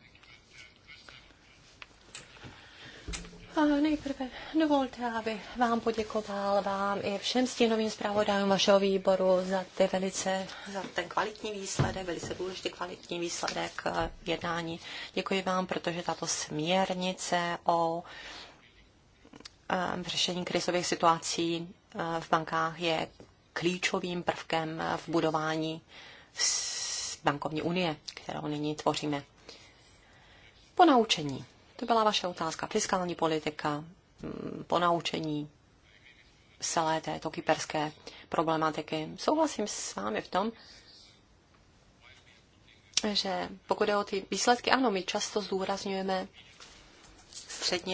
Nejprve dovolte, abych vám poděkoval, vám i všem stínovým zpravodajům vašeho výboru za, ty velice, za ten kvalitní výsledek, velice důležitý kvalitní výsledek eh, jednání. Děkuji vám, protože tato směrnice o eh, řešení krizových situací eh, v bankách je klíčovým prvkem v budování bankovní unie, kterou nyní tvoříme. Po naučení to byla vaše otázka. Fiskální politika, mm, ponaučení celé této kyperské problematiky. Souhlasím s vámi v tom, že pokud je o ty výsledky, ano, my často zdůrazňujeme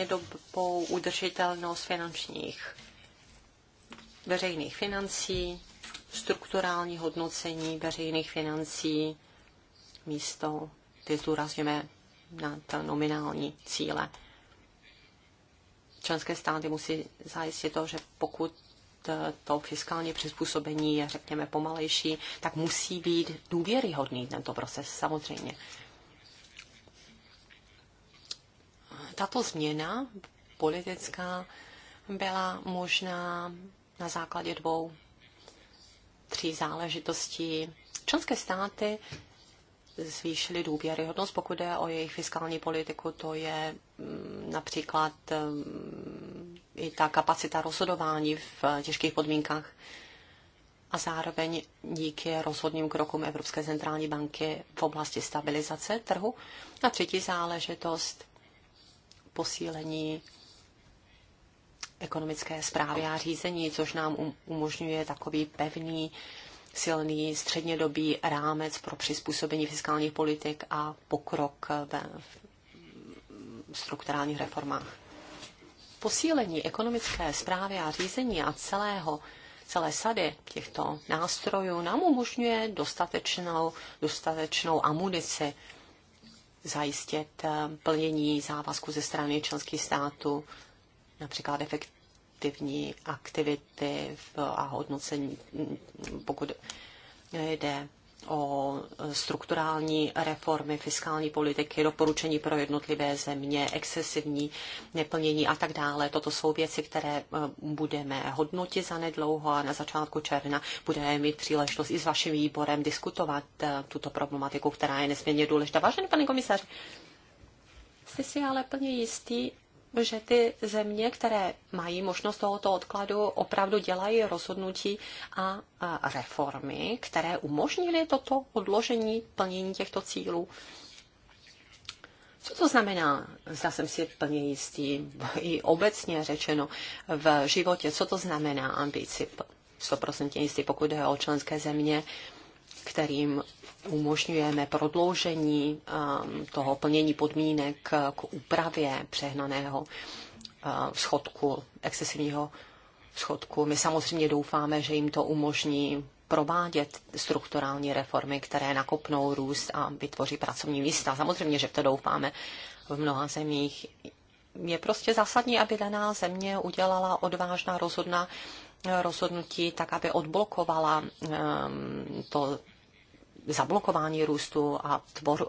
dobou udržitelnost finančních veřejných financí, strukturální hodnocení veřejných financí, místo, ty zdůrazňujeme na ta nominální cíle. Členské státy musí zajistit to, že pokud eh, to fiskální přizpůsobení je, řekněme, pomalejší, tak musí být důvěryhodný tento proces, samozřejmě. Tato změna politická byla možná na základě dvou, tří záležitostí. Členské státy zvýšili důvěryhodnost, pokud jde o jejich fiskální politiku, to je mm, například mm, i ta kapacita rozhodování v těžkých podmínkách a zároveň díky rozhodným krokům Evropské centrální banky v oblasti stabilizace trhu. A třetí záležitost posílení ekonomické zprávy a řízení, což nám um-, umožňuje takový pevný silný střednědobý rámec pro přizpůsobení fiskálních politik a pokrok ve strukturálních reformách. Posílení ekonomické zprávy a řízení a celého celé sady těchto nástrojů nám umožňuje dostatečnou, dostatečnou amunici zajistit eh, plnění závazku ze strany členských států, například efekt, preventivní aktivity a hodnocení, pokud jde o strukturální reformy fiskální politiky, doporučení pro jednotlivé země, excesivní neplnění a tak dále. Toto jsou věci, které eh, budeme hodnotit zanedlouho a na začátku června budeme mít příležitost i s vaším výborem diskutovat eh, tuto problematiku, která je nesmírně důležitá. Vážený pane komisaři, jste si ale plně jistý, že ty země, které mají možnost tohoto odkladu, opravdu dělají rozhodnutí a, reformy, které umožnily toto odložení plnění těchto cílů. Co to znamená? Zda jsem si plně jistý, i obecně řečeno v životě, co to znamená být si 100% jistý, pokud jde o členské země, kterým umožňujeme prodloužení um, toho plnění podmínek k úpravě přehnaného uh, schodku, excesivního schodku. My samozřejmě doufáme, že jim to umožní provádět strukturální reformy, které nakopnou růst a vytvoří pracovní místa. Samozřejmě, že to doufáme. V mnoha zemích je prostě zásadní, aby daná země udělala odvážná rozhodná eh, rozhodnutí, tak aby odblokovala ehm, to zablokování růstu a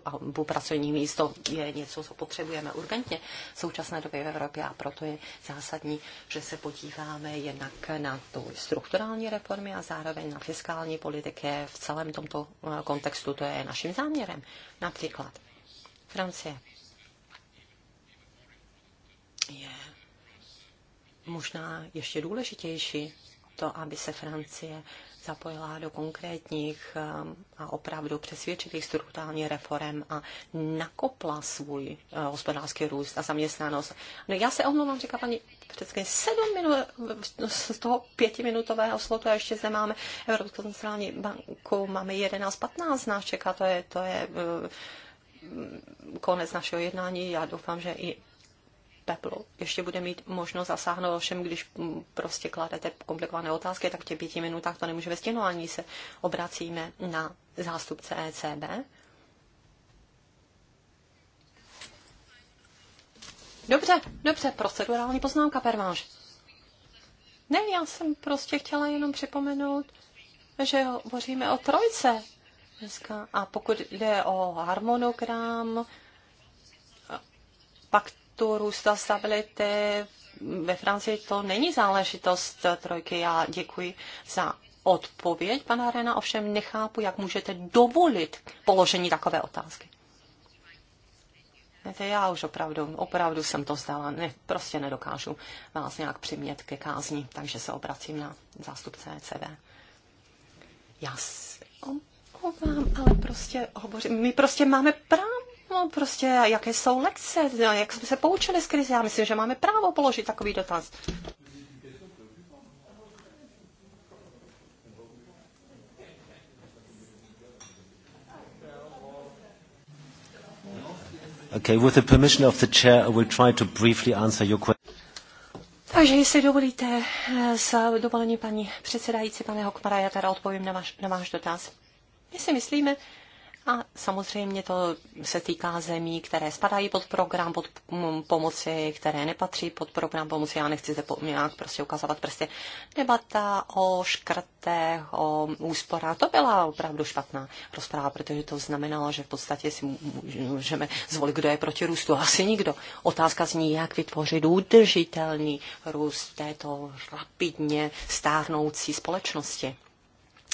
a pracovní místo je něco, co potřebujeme urgentně v současné době v Evropě a proto je zásadní, že se podíváme jednak na tu strukturální reformy a zároveň na fiskální politiky v celém tomto eh, kontextu. To je naším záměrem. Například Francie. Vlastně je možná ještě důležitější to, aby se Francie zapojila do konkrétních um, a opravdu přesvědčivých strukturálních reform a nakopla svůj uh, hospodářský růst a zaměstnanost. No já se omlouvám, říká paní předsedkyně, sedm minut z toho pětiminutového slotu a ještě zde máme Evropskou centrální banku, máme 11.15 nás čeká, to je, to je uh, konec našeho jednání. Já doufám, že i Peplu ještě bude mít možnost zasáhnout všem, když mm, prostě kladete komplikované otázky, tak v těch pěti minutách to nemůžeme stihnout, ani se obracíme na zástupce ECB. Dobře, dobře, procedurální poznámka, Perváš. Ne, já jsem prostě chtěla jenom připomenout, že hovoříme o trojce dneska. A pokud jde o harmonogram, pak tu růsta stability ve Francii to není záležitost trojky. Já děkuji za odpověď, pana Rena, ovšem nechápu, jak můžete dovolit položení takové otázky. Víte, já už opravdu, opravdu jsem to zdala. Ne, prostě nedokážu vás nějak přimět ke kázni, takže se obracím na zástupce ECB. Já se omlouvám, ale prostě hovořím, my prostě máme právo No prostě, jaké jsou lekce, no, jak jsme se poučili z krize. Já myslím, že máme právo položit takový dotaz. Okay, with the permission of the chair, I will try to briefly answer your question. Takže jestli dovolíte, eh, s dovolením paní předsedající, pane Hokmara, já teda odpovím na váš, na váš dotaz. My si myslíme, a samozřejmě to se týká zemí, které spadají pod program pod pomoci, které nepatří pod program pomoci. Já nechci zde nějak prostě ukazovat prostě debata o škrtech, o úsporách. To byla opravdu špatná rozpráva, protože to znamenalo, že v podstatě si můžeme zvolit, kdo je proti růstu. Asi nikdo. Otázka zní, jak vytvořit udržitelný růst této rapidně stárnoucí společnosti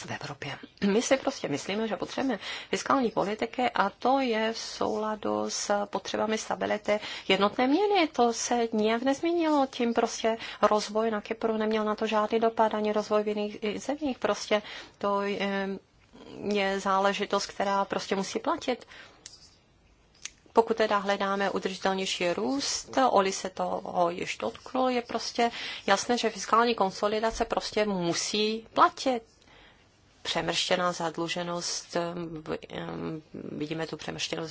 v Evropě. My si prostě myslíme, že potřebujeme fiskální politiky a to je v souladu s potřebami stability jednotné měny. To se nijak nezměnilo, tím prostě rozvoj na Kypru neměl na to žádný dopad, ani rozvoj v jiných zemích. Prostě to je, eh, je záležitost, která prostě musí platit. Pokud teda hledáme udržitelnější růst, Oli se toho již dotklo, je prostě jasné, že fiskální konsolidace prostě musí platit přemrštěná zadluženost, um, um, vidíme tu přemrštěnou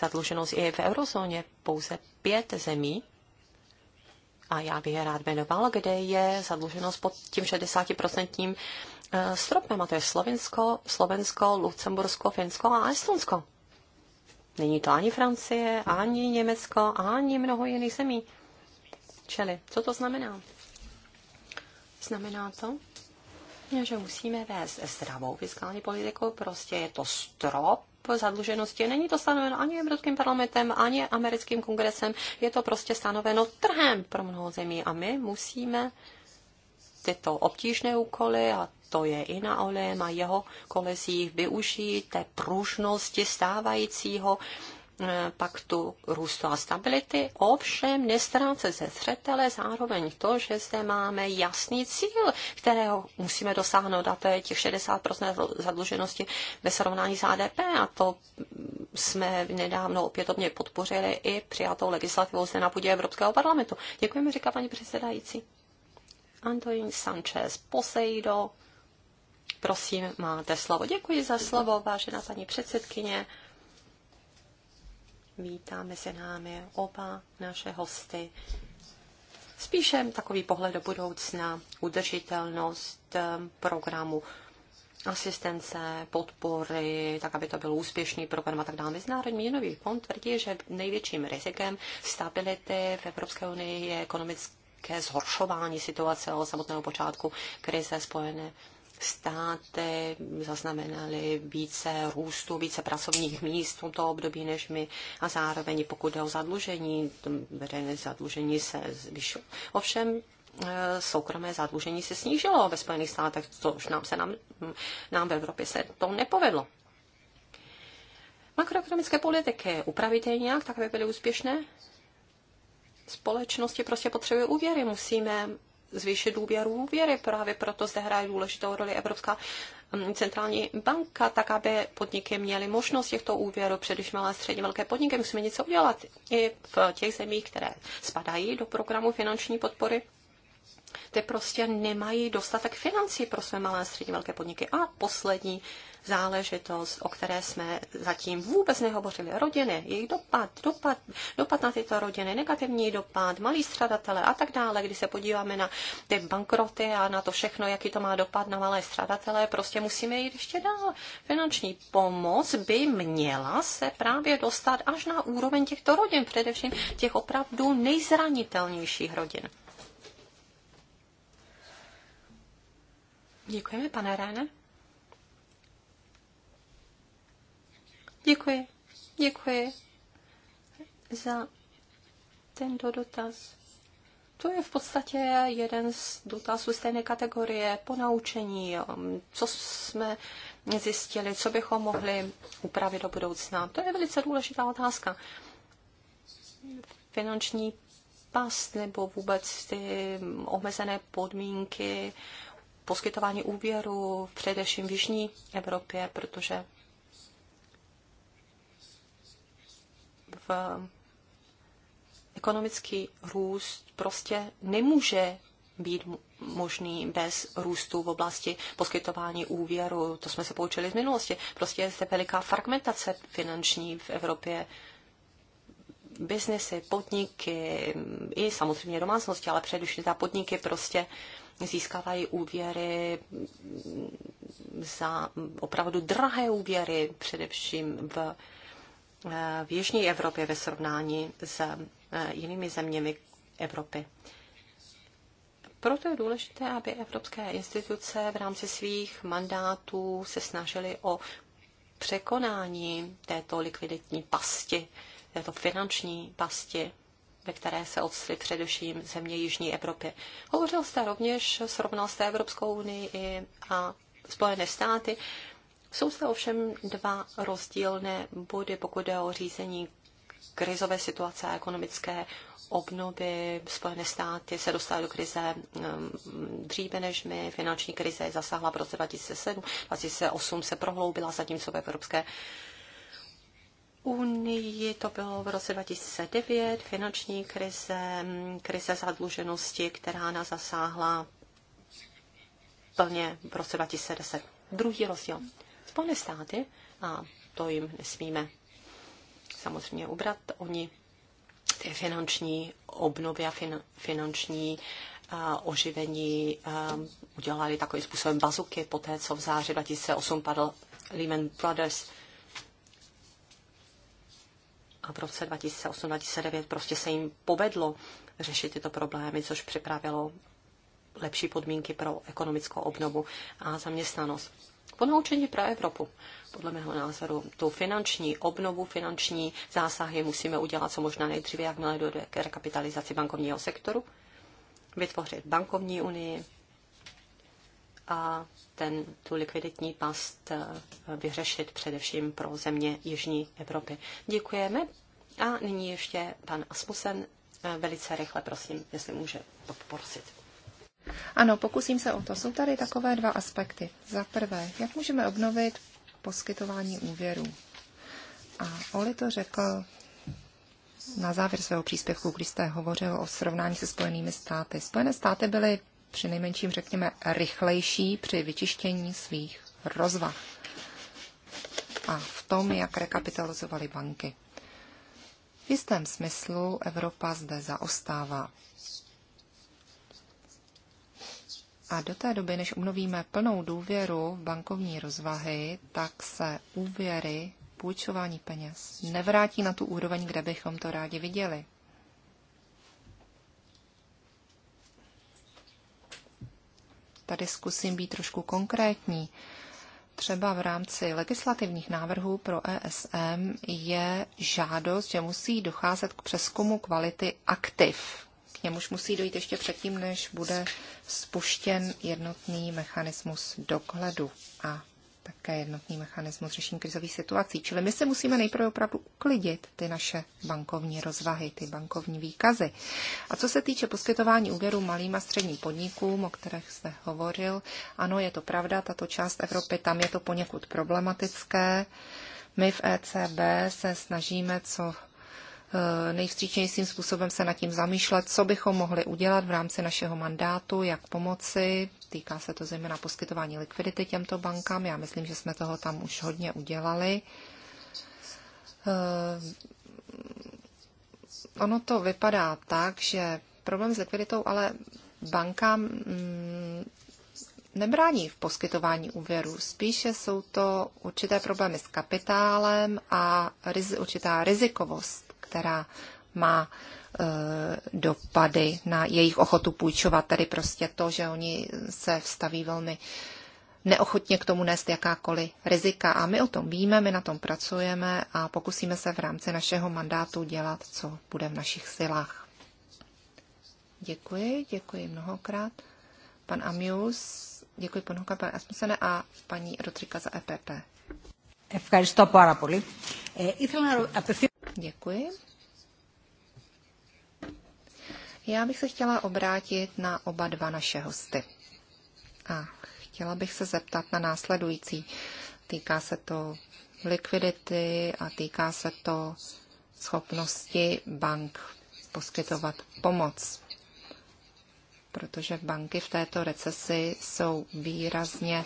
zadluženost i v eurozóně, pouze pět zemí, a já bych je rád jmenoval, kde je zadluženost pod tím 60% uh, stropem, a to je Slovensko, Slovensko, Lucembursko, Finsko a Estonsko. Není to ani Francie, ani Německo, ani mnoho jiných zemí. Čili, co to znamená? Znamená to, že musíme vést zdravou fiskální politiku, prostě je to strop zadluženosti. Není to stanoveno ani Evropským parlamentem, ani americkým kongresem, je to prostě stanoveno trhem pro mnoho zemí a my musíme tyto obtížné úkoly a to je i na Olem a jeho kolezích využít té pružnosti stávajícího uh, Eh, paktu růstu a stability, ovšem nestrácet ze zřetele zároveň to, že zde máme jasný cíl, kterého musíme dosáhnout, a to je těch 60% zadluženosti ve srovnání s ADP a to jsme nedávno opětovně podpořili i přijatou legislativou zde na půdě Evropského parlamentu. Děkujeme, říká paní předsedající. Antoine Sanchez Poseido. Prosím, máte slovo. Děkuji za slovo, vážená paní předsedkyně vítám mezi námi oba naše hosty. Spíše takový pohled do budoucna, udržitelnost eh, programu asistence, podpory, tak aby to byl úspěšný program a tak dále. Mezinárodní měnový fond tvrdí, že největším rizikem stability v Evropské unii je ekonomické zhoršování situace od samotného počátku krize spojené státy zaznamenaly více růstu, více pracovních míst v tomto období než my a zároveň pokud jde o zadlužení, veřejné zadlužení se zvyšilo. Ovšem eh, soukromé zadlužení se snížilo ve Spojených státech, což nám se nám, hm, nám v Evropě se to nepovedlo. Makroekonomické politiky, upravíte nějak, tak aby byly úspěšné? Společnosti prostě potřebují úvěry, musíme zvýšit důvěru úvěry. Právě proto zde hraje důležitou roli Evropská mm, centrální banka, tak aby podniky měly možnost těchto úvěrů, především malé středně velké podniky. Musíme něco udělat i v těch zemích, které spadají do programu finanční podpory ty prostě nemají dostatek financí pro své malé a střední velké podniky. A poslední záležitost, o které jsme zatím vůbec nehovořili, rodiny, jejich dopad, dopad, dopad na tyto rodiny, negativní dopad, malí střadatele a tak dále. Když se podíváme na ty bankroty a na to všechno, jaký to má dopad na malé střadatele, prostě musíme jít ještě dál. Finanční pomoc by měla se právě dostat až na úroveň těchto rodin, především těch opravdu nejzranitelnějších rodin. Děkujeme, pane Rána. Děkuji. Děkuji za tento dotaz. To je v podstatě jeden z dotazů stejné kategorie po naučení, co jsme zjistili, co bychom mohli upravit do budoucna. To je velice důležitá otázka. Finanční past nebo vůbec ty omezené podmínky poskytování úvěru především v Jižní Evropě, protože v ekonomický růst prostě nemůže být možný bez růstu v oblasti poskytování úvěru. To jsme se poučili z minulosti. Prostě je zde veliká fragmentace finanční v Evropě. Biznesy, podniky i samozřejmě domácnosti, ale především ta podniky prostě uh, získávají úvěry za opravdu drahé úvěry, především v, eh, v Jižní Evropě ve srovnání s eh, jinými zeměmi Evropy. Proto je důležité, aby evropské instituce v rámci svých mandátů se snažily o překonání této likviditní pasti, této finanční pasti ve které se odstly především země Jižní Evropy. Hovořil jste rovněž, srovnal jste Evropskou unii a Spojené státy. Jsou zde ovšem dva rozdílné body, pokud jde o řízení krizové situace a ekonomické obnovy. Spojené státy se dostaly do krize mm, dříve než my. Finanční krize zasáhla v roce 2007, 2008 se prohloubila, zatímco v Evropské unii to bylo v roce 2009, finanční krize, krize zadluženosti, která nás zasáhla plně v roce 2010. Druhý rozdíl. Spojené státy, a to jim nesmíme samozřejmě ubrat, oni ty finanční obnovy a fin, finanční a, oživení a, udělali takovým způsobem bazuky po té, co v září 2008 padl Lehman Brothers a v roce 2008-2009 prostě se jim povedlo řešit tyto problémy, což připravilo lepší podmínky pro ekonomickou obnovu a zaměstnanost. Ponaučení pro Evropu. Podle mého názoru tu finanční obnovu, finanční zásahy musíme udělat co možná nejdříve, jakmile dojde k rekapitalizaci bankovního sektoru, vytvořit bankovní unii, a ten, tu likviditní past eh, vyřešit především pro země Jižní Evropy. Děkujeme. A nyní ještě pan Asmusen. Eh, velice rychle, prosím, jestli může poprosit. Ano, pokusím se o to. Jsou tady takové dva aspekty. Za prvé, jak můžeme obnovit poskytování úvěrů? A Oli to řekl na závěr svého příspěvku, když jste hovořil o srovnání se Spojenými státy. Spojené státy byly při nejmenším řekněme rychlejší při vyčištění svých rozvah a v tom, jak rekapitalizovaly banky. V jistém smyslu Evropa zde zaostává. A do té doby, než obnovíme plnou důvěru v bankovní rozvahy, tak se úvěry, půjčování peněz nevrátí na tu úroveň, kde bychom to rádi viděli. Tady zkusím být trošku konkrétní. Třeba v rámci legislativních návrhů pro ESM je žádost, že musí docházet k přeskumu kvality aktiv. K němuž musí dojít ještě předtím, než bude spuštěn jednotný mechanismus dohledu a také jednotný mechanismus řešení krizových situací. Čili my se musíme nejprve opravdu uklidit ty naše bankovní rozvahy, ty bankovní výkazy. A co se týče poskytování úvěru malým a středním podnikům, o kterých jste hovořil, ano, je to pravda, tato část Evropy, tam je to poněkud problematické. My v ECB se snažíme co Eh, nejvstřícnějším způsobem se nad tím zamýšlet, co bychom mohli udělat v rámci našeho mandátu, jak pomoci. Týká se to zejména poskytování likvidity těmto bankám. Já myslím, že jsme toho tam už hodně udělali. Eh, ono to vypadá tak, že problém s likviditou ale bankám mm, nebrání v poskytování úvěru. Spíše jsou to určité problémy s kapitálem a riz, určitá rizikovost která má e, dopady na jejich ochotu půjčovat, tedy prostě to, že oni se vstaví velmi neochotně k tomu nést jakákoliv rizika. A my o tom víme, my na tom pracujeme a pokusíme se v rámci našeho mandátu dělat, co bude v našich silách. Děkuji, děkuji mnohokrát. Pan Amius, děkuji mnohokrát. pan Asmusene a paní Rotrika za EPP. Děkuji. πάρα Děkuji. Já bych se chtěla obrátit na oba dva naše hosty. A chtěla bych se zeptat na následující. Týká se to likvidity a týká se to schopnosti bank poskytovat pomoc. Protože banky v této recesi jsou výrazně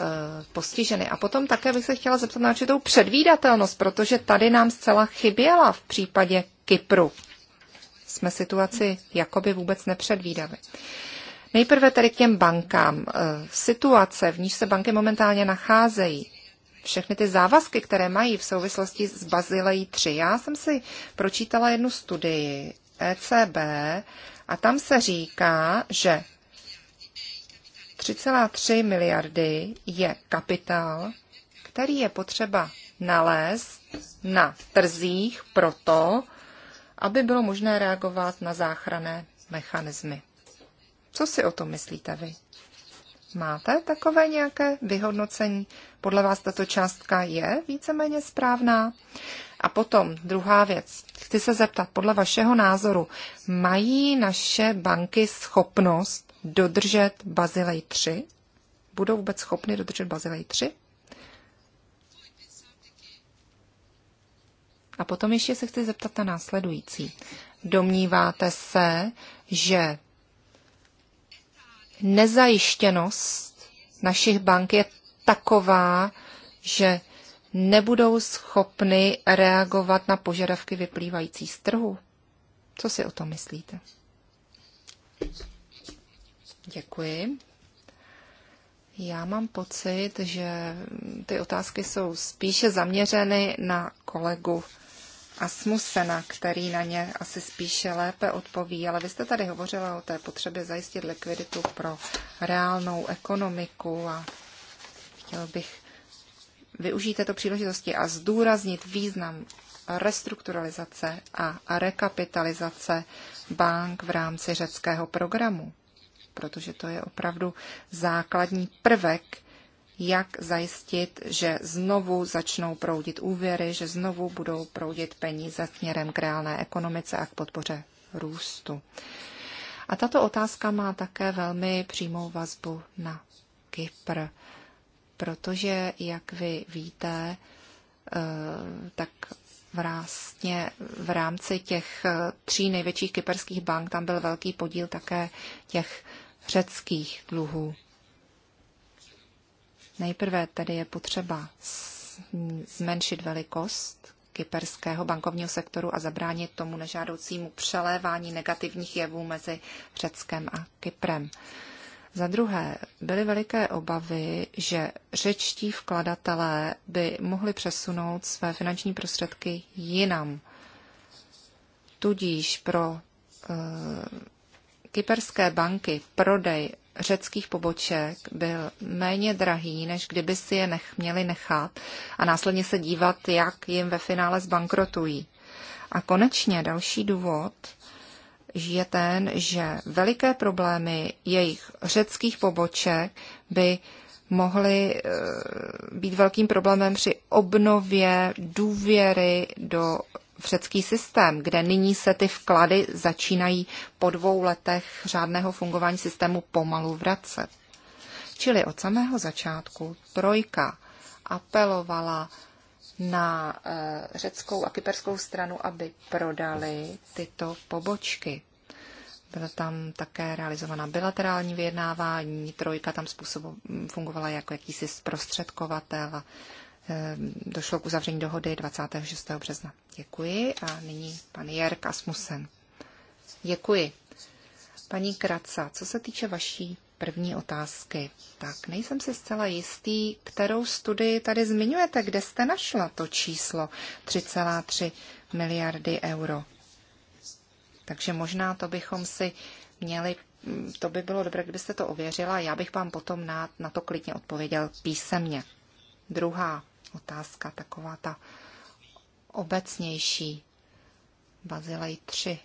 Eh, postiženy. A potom také bych se chtěla zeptat na určitou předvídatelnost, protože tady nám zcela chyběla v případě Kypru. Jsme situaci jakoby vůbec nepředvídali. Nejprve tedy k těm bankám. Eh, situace, v níž se banky momentálně nacházejí, všechny ty závazky, které mají v souvislosti s Bazilejí 3. Já jsem si pročítala jednu studii ECB a tam se říká, že 3,3 miliardy je kapitál, který je potřeba nalézt na trzích proto, aby bylo možné reagovat na záchranné mechanismy. Co si o tom myslíte vy? Máte takové nějaké vyhodnocení? Podle vás tato částka je víceméně správná? A potom druhá věc. Chci se zeptat, podle vašeho názoru, mají naše banky schopnost dodržet Bazilej 3? Budou vůbec schopny dodržet Bazilej 3? A potom ještě se chci zeptat na následující. Domníváte se, že nezajištěnost našich bank je taková, že nebudou schopny reagovat na požadavky vyplývající z trhu? Co si o tom myslíte? Děkuji. Já mám pocit, že ty otázky jsou spíše zaměřeny na kolegu Asmusena, který na ně asi spíše lépe odpoví, ale vy jste tady hovořila o té potřebě zajistit likviditu pro reálnou ekonomiku a chtěl bych využít této příležitosti a zdůraznit význam restrukturalizace a rekapitalizace bank v rámci řeckého programu protože to je opravdu základní prvek, jak zajistit, že znovu začnou proudit úvěry, že znovu budou proudit peníze směrem k reálné ekonomice a k podpoře růstu. A tato otázka má také velmi přímou vazbu na Kypr, protože, jak vy víte, eh, tak vlastně v rámci těch eh, tří největších kyperských bank tam byl velký podíl také těch řeckých dluhů. Nejprve tedy je potřeba zmenšit velikost kyperského bankovního sektoru a zabránit tomu nežádoucímu přelévání negativních jevů mezi Řeckem a Kyprem. Za druhé, byly veliké obavy, že řečtí vkladatelé by mohli přesunout své finanční prostředky jinam. Tudíž pro e, kyperské banky prodej řeckých poboček byl méně drahý, než kdyby si je nech, měli nechat a následně se dívat, jak jim ve finále zbankrotují. A konečně další důvod je ten, že veliké problémy jejich řeckých poboček by mohly eh, být velkým problémem při obnově důvěry do řecký systém, kde nyní se ty vklady začínají po dvou letech řádného fungování systému pomalu vracet. Čili od samého začátku trojka apelovala na eh, řeckou a kyperskou stranu, aby prodali tyto pobočky. Byla tam také realizována bilaterální vyjednávání, trojka tam způsobu fungovala jako jakýsi zprostředkovatel a eh, došlo k uzavření dohody 26. března. Děkuji a nyní pan Jerk Asmusen. Děkuji. Paní Kraca, co se týče vaší první otázky. Tak nejsem si zcela jistý, kterou studii tady zmiňujete, kde jste našla to číslo 3,3 miliardy euro. Takže možná to bychom si měli, to by bylo dobré, kdybyste to ověřila, já bych vám potom na, na to klidně odpověděl písemně. Druhá otázka, taková ta obecnější. Bazilej 3.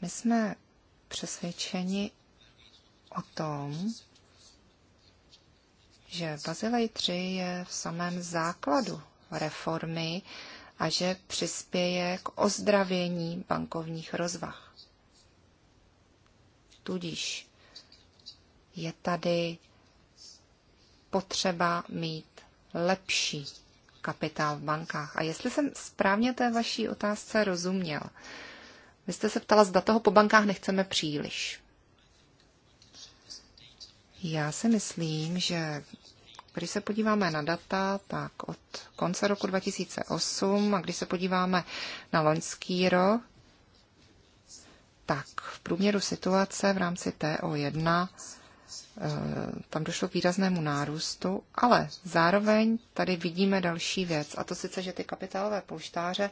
My jsme přesvědčeni o tom, že Bazilej 3 je v samém základu reformy a že přispěje k ozdravění bankovních rozvah. Tudíž je tady potřeba mít lepší kapitál v bankách. A jestli jsem správně té vaší otázce rozuměl, vy jste se ptala, zda toho po bankách nechceme příliš. Já si myslím, že když se podíváme na data, tak od konce roku 2008 a když se podíváme na loňský rok, tak v průměru situace v rámci TO1 eh, tam došlo k výraznému nárůstu, ale zároveň tady vidíme další věc, a to sice, že ty kapitálové polštáře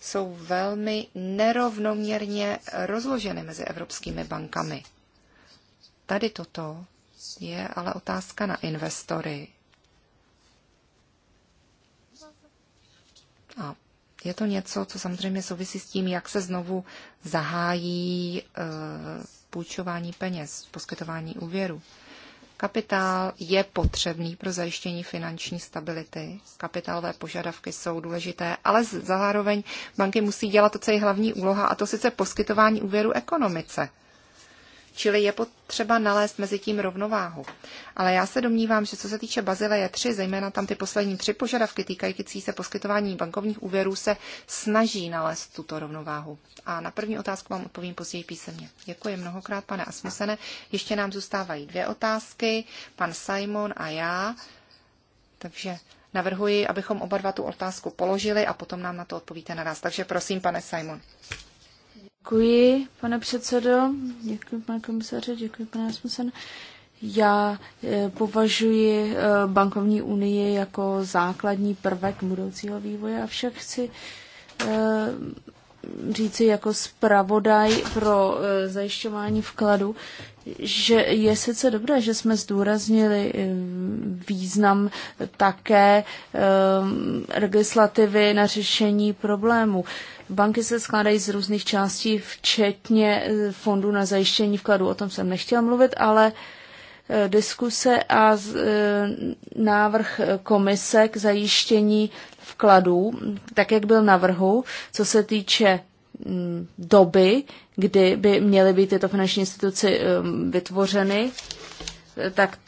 jsou velmi nerovnoměrně rozloženy mezi evropskými bankami. Tady toto je ale otázka na investory. A je to něco, co samozřejmě souvisí s tím, jak se znovu zahájí e, půjčování peněz, poskytování úvěru. E, Kapitál je potřebný pro zajištění finanční stability. Kapitálové požadavky jsou důležité, ale zároveň banky musí dělat to, co je hlavní úloha, a to sice poskytování úvěru ekonomice. Čili je potřeba nalézt mezi tím rovnováhu. Ale já se domnívám, že co se týče Bazileje 3, zejména tam ty poslední tři požadavky týkající se poskytování bankovních úvěrů, se snaží nalézt tuto rovnováhu. A na první otázku vám odpovím později písemně. Děkuji mnohokrát, pane Asmusene. Ještě nám zůstávají dvě otázky, pan Simon a já. Takže Navrhuji, abychom oba dva tu otázku položili a potom nám na to odpovíte naraz. Takže prosím, pane Simon. Děkuji, pane předsedo, děkuji, pane komisaře, děkuji, pane Asmusen. Já eh, považuji eh, bankovní unii jako základní prvek budoucího vývoje, však chci eh, říci jako zpravodaj pro e, zajišťování vkladu, že je sice dobré, že jsme zdůraznili e, význam také e, legislativy na řešení problému. Banky se skládají z různých částí, včetně fondu na zajištění vkladu. O tom jsem nechtěla mluvit, ale diskuse a návrh komise k zajištění podkladů, tak jak byl navrhu, co se týče mm, doby, kdy by měly být tyto finanční instituci um, vytvořeny, tak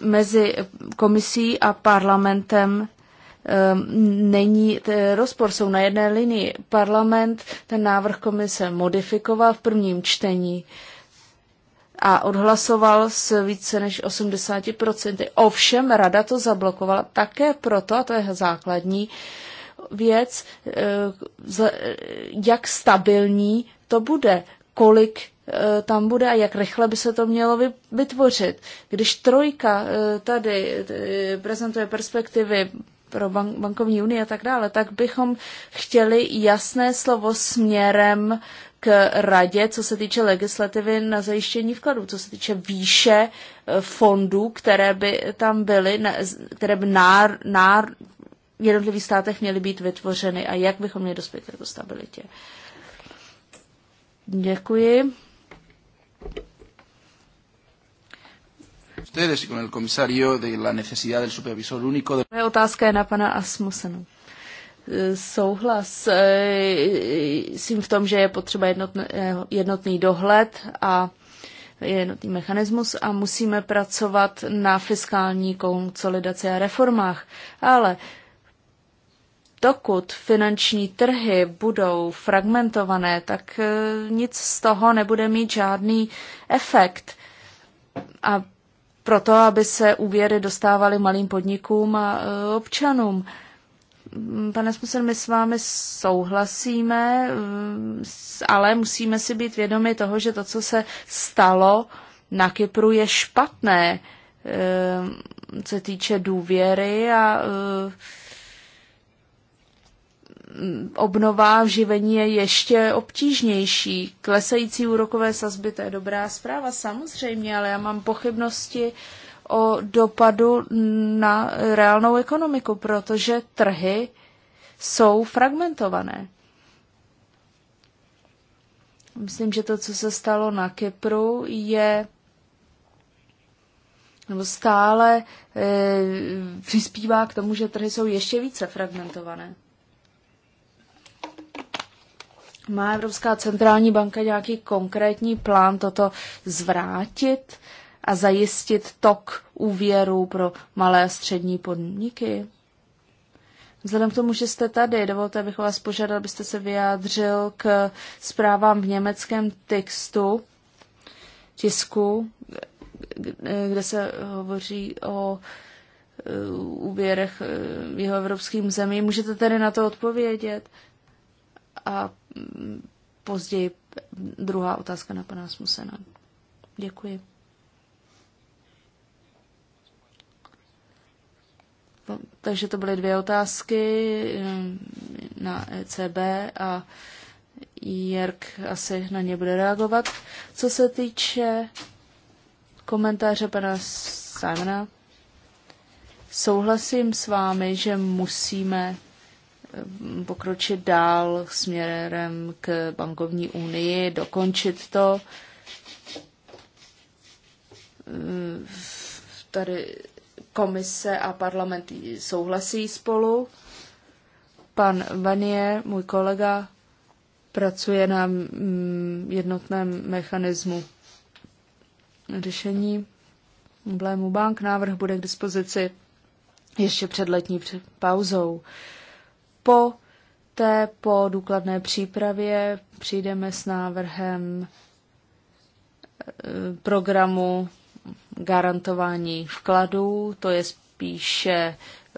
mezi komisí a parlamentem um, není rozpor, jsou na jedné linii. Parlament ten návrh komise modifikoval v prvním čtení a odhlasoval s více než 80%. Ovšem rada to zablokovala také proto, a to je základní věc, eh, eh, jak stabilní to bude, kolik eh, tam bude a jak rychle by se to mělo vytvořit. Když trojka tady prezentuje perspektivy pro bank, bankovní unii a tak dále, tak bychom chtěli jasné slovo směrem k radě, co se týče legislativy na zajištění vkladů, co se týče výše e, fondů, které by tam byly, které by na, na jednotlivých státech měly být vytvořeny a jak bychom měli dospět k stabilitě. Děkuji. Ustedes y con el comisario de la necesidad del supervisor único. De... Otázka je na pana Asmusenu souhlas eh, s tím v tom, že je potřeba jednotný, jednotný dohled a jednotný mechanismus a musíme pracovat na fiskální konsolidaci a reformách. Ale dokud finanční trhy budou fragmentované, tak eh, nic z toho nebude mít žádný efekt. A proto, aby se úvěry dostávaly malým podnikům a eh, občanům. Mm, pane Smusen, my s vámi souhlasíme, mm, ale musíme si být vědomi toho, že to, co se stalo na Kypru, je špatné, mm, co se týče důvěry a obnova živení je ještě obtížnější. Klesající úrokové sazby, to je dobrá zpráva, samozřejmě, ale já mám pochybnosti, o dopadu na reálnou ekonomiku, protože trhy jsou fragmentované. Myslím, že to, co se stalo na Kypru, je nebo stále e, přispívá k tomu, že trhy jsou ještě více fragmentované. Má Evropská centrální banka nějaký konkrétní plán toto zvrátit? E, a zajistit tok úvěru pro malé a střední podniky? Vzhledem k tomu, že jste tady, dovolte, abych vás požádal, abyste se vyjádřil k zprávám v německém textu, tisku, kde se hovoří o eh, úvěrech eh, jeho evropským zemí. Můžete tedy na to odpovědět? A mm, později eh, druhá otázka na pana Smusena. Děkuji. No, takže to byly dvě otázky ehm, na ECB a Jirk asi na ně bude reagovat. Co se týče komentáře pana Simona, souhlasím s vámi, že musíme ehm, pokročit dál směrem k bankovní unii, dokončit to. Ehm, tady komise a parlament souhlasí spolu. Pan Vanier, můj kolega, pracuje na mm, jednotném mechanismu řešení problému bank. Návrh bude k dispozici ještě před letní pauzou. Po té, po důkladné přípravě, přijdeme s návrhem eh, programu garantování vkladů, to je spíše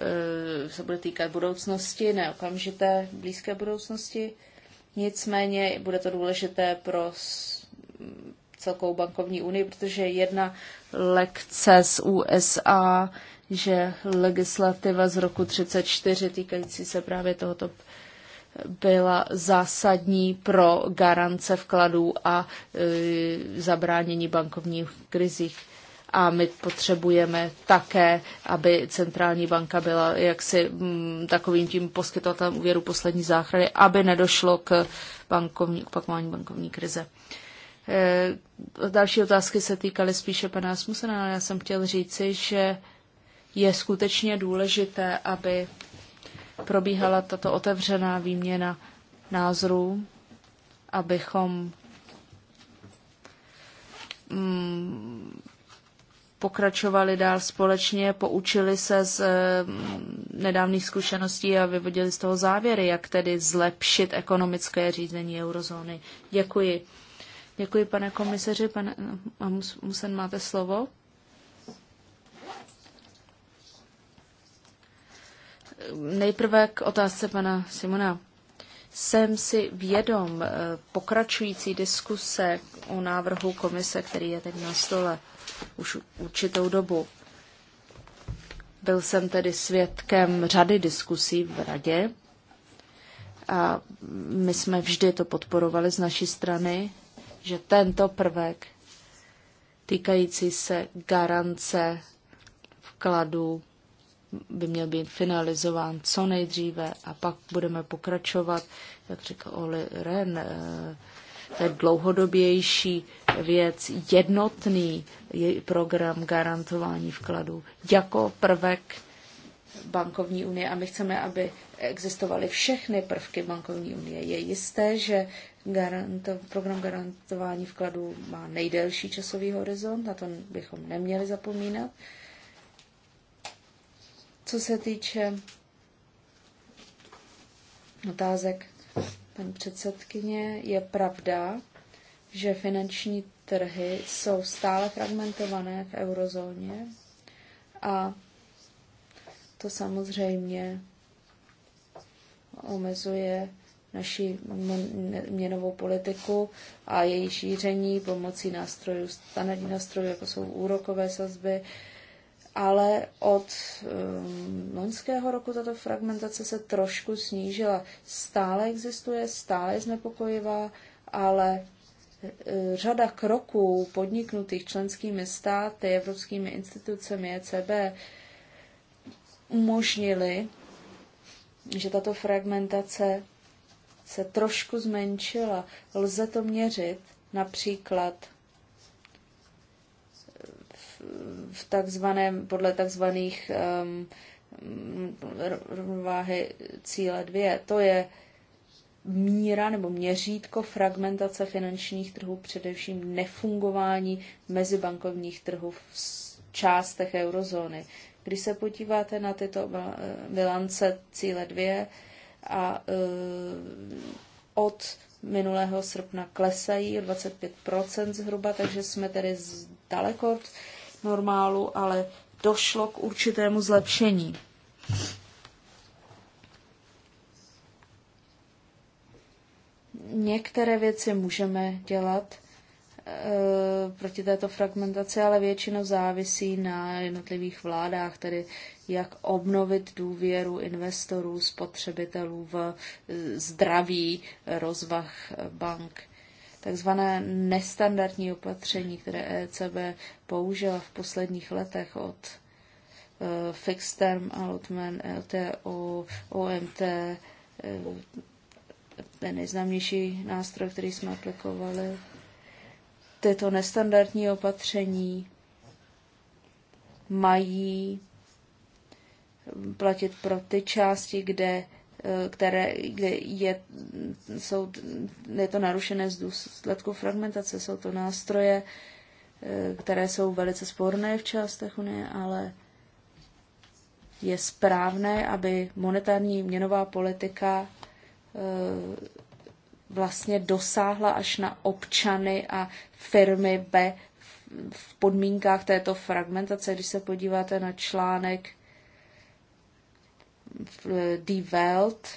e, se bude týkat budoucnosti, ne okamžité blízké budoucnosti. Nicméně bude to důležité pro celkovou bankovní unii, protože jedna lekce z USA, že legislativa z roku 34 týkající se právě tohoto byla zásadní pro garance vkladů a e, zabránění bankovních krizích a my potřebujeme také, aby centrální banka byla jaksi mm, takovým tím poskytovatelem úvěru poslední záchrany, aby nedošlo k, bankovní, opakování bankovní krize. E, další otázky se týkaly spíše pana Smusena, ale já jsem chtěl říci, že je skutečně důležité, aby probíhala tato otevřená výměna názorů, abychom mm, pokračovali dál společně, poučili se z eh, nedávných zkušeností a vyvodili z toho závěry, jak tedy zlepšit ekonomické řízení eurozóny. Děkuji. Děkuji, pane komiseři. Pane Musen, máte slovo. Nejprve k otázce pana Simona. Jsem si vědom eh, pokračující diskuse o návrhu komise, který je teď na stole už určitou dobu. Byl jsem tedy svědkem řady diskusí v radě a my jsme vždy to podporovali z naší strany, že tento prvek týkající se garance vkladu by měl být finalizován co nejdříve a pak budeme pokračovat, jak řekl Oli Ren, eh, to je dlouhodobější věc, jednotný program garantování vkladů jako prvek bankovní unie a my chceme, aby existovaly všechny prvky bankovní unie. Je jisté, že garanto, program garantování vkladů má nejdelší časový horizont, na to bychom neměli zapomínat. Co se týče otázek paní předsedkyně. Je pravda, že finanční trhy jsou stále fragmentované v eurozóně a to samozřejmě omezuje naši měnovou politiku a její šíření pomocí nástrojů, standardních nástrojů, jako jsou úrokové sazby, ale od um, loňského roku tato fragmentace se trošku snížila. Stále existuje, stále je znepokojivá, ale eh, řada kroků podniknutých členskými státy, evropskými institucemi ECB umožnili, že tato fragmentace se trošku zmenšila. Lze to měřit například v takzvaném, podle takzvaných um, rovnováhy cíle dvě. To je míra nebo měřítko fragmentace finančních trhů, především nefungování mezibankovních trhů v částech eurozóny. Když se podíváte na tyto bilance cíle 2 a uh, od minulého srpna klesají o 25 zhruba, takže jsme tedy daleko od normálu, ale došlo k určitému zlepšení. Některé věci můžeme dělat e, proti této fragmentaci, ale většinou závisí na jednotlivých vládách, tedy jak obnovit důvěru investorů, spotřebitelů v eh, zdraví rozvah eh, bank takzvané nestandardní opatření, které ECB použila v posledních letech od uh, Fixed Term Allotment, LTO, OMT, eh, ten nejznámější nástroj, který jsme aplikovali, tyto nestandardní opatření mají platit pro ty části, kde Eh, které, kde je, jsou, je to narušené z důsledku fragmentace. Jsou to nástroje, eh, které jsou velice sporné v částech Unie, ale je správné, aby monetární měnová politika eh, vlastně dosáhla až na občany a firmy b v podmínkách této fragmentace, když se podíváte na článek Die Welt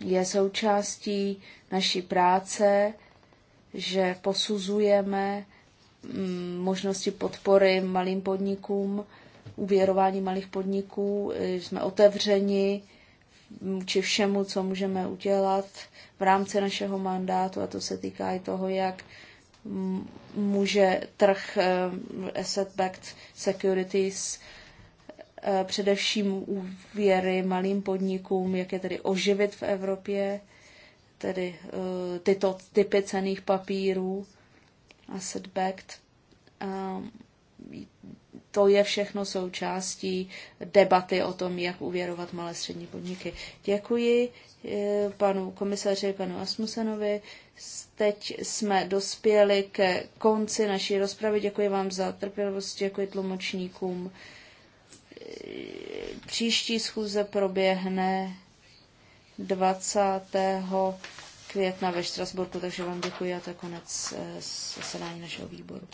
je součástí naší práce, že posuzujeme mm, možnosti podpory malým podnikům, uvěrování malých podniků, jsme otevřeni či všemu, co můžeme udělat v rámci našeho mandátu a to se týká i toho, jak může trh eh, asset-backed securities Eh, především úvěry malým podnikům, jak je tedy oživit v Evropě, tedy eh, tyto typy cených papírů, asset backed. Eh, to je všechno součástí debaty o tom, jak uvěrovat malé střední podniky. Děkuji panu komisaři, panu Asmusenovi. Teď jsme dospěli ke konci naší rozpravy. Děkuji vám za trpělivost, děkuji tlumočníkům. Příští schůze proběhne 20. května ve Štrasburku, takže vám děkuji a to je konec eh, zasedání našeho výboru.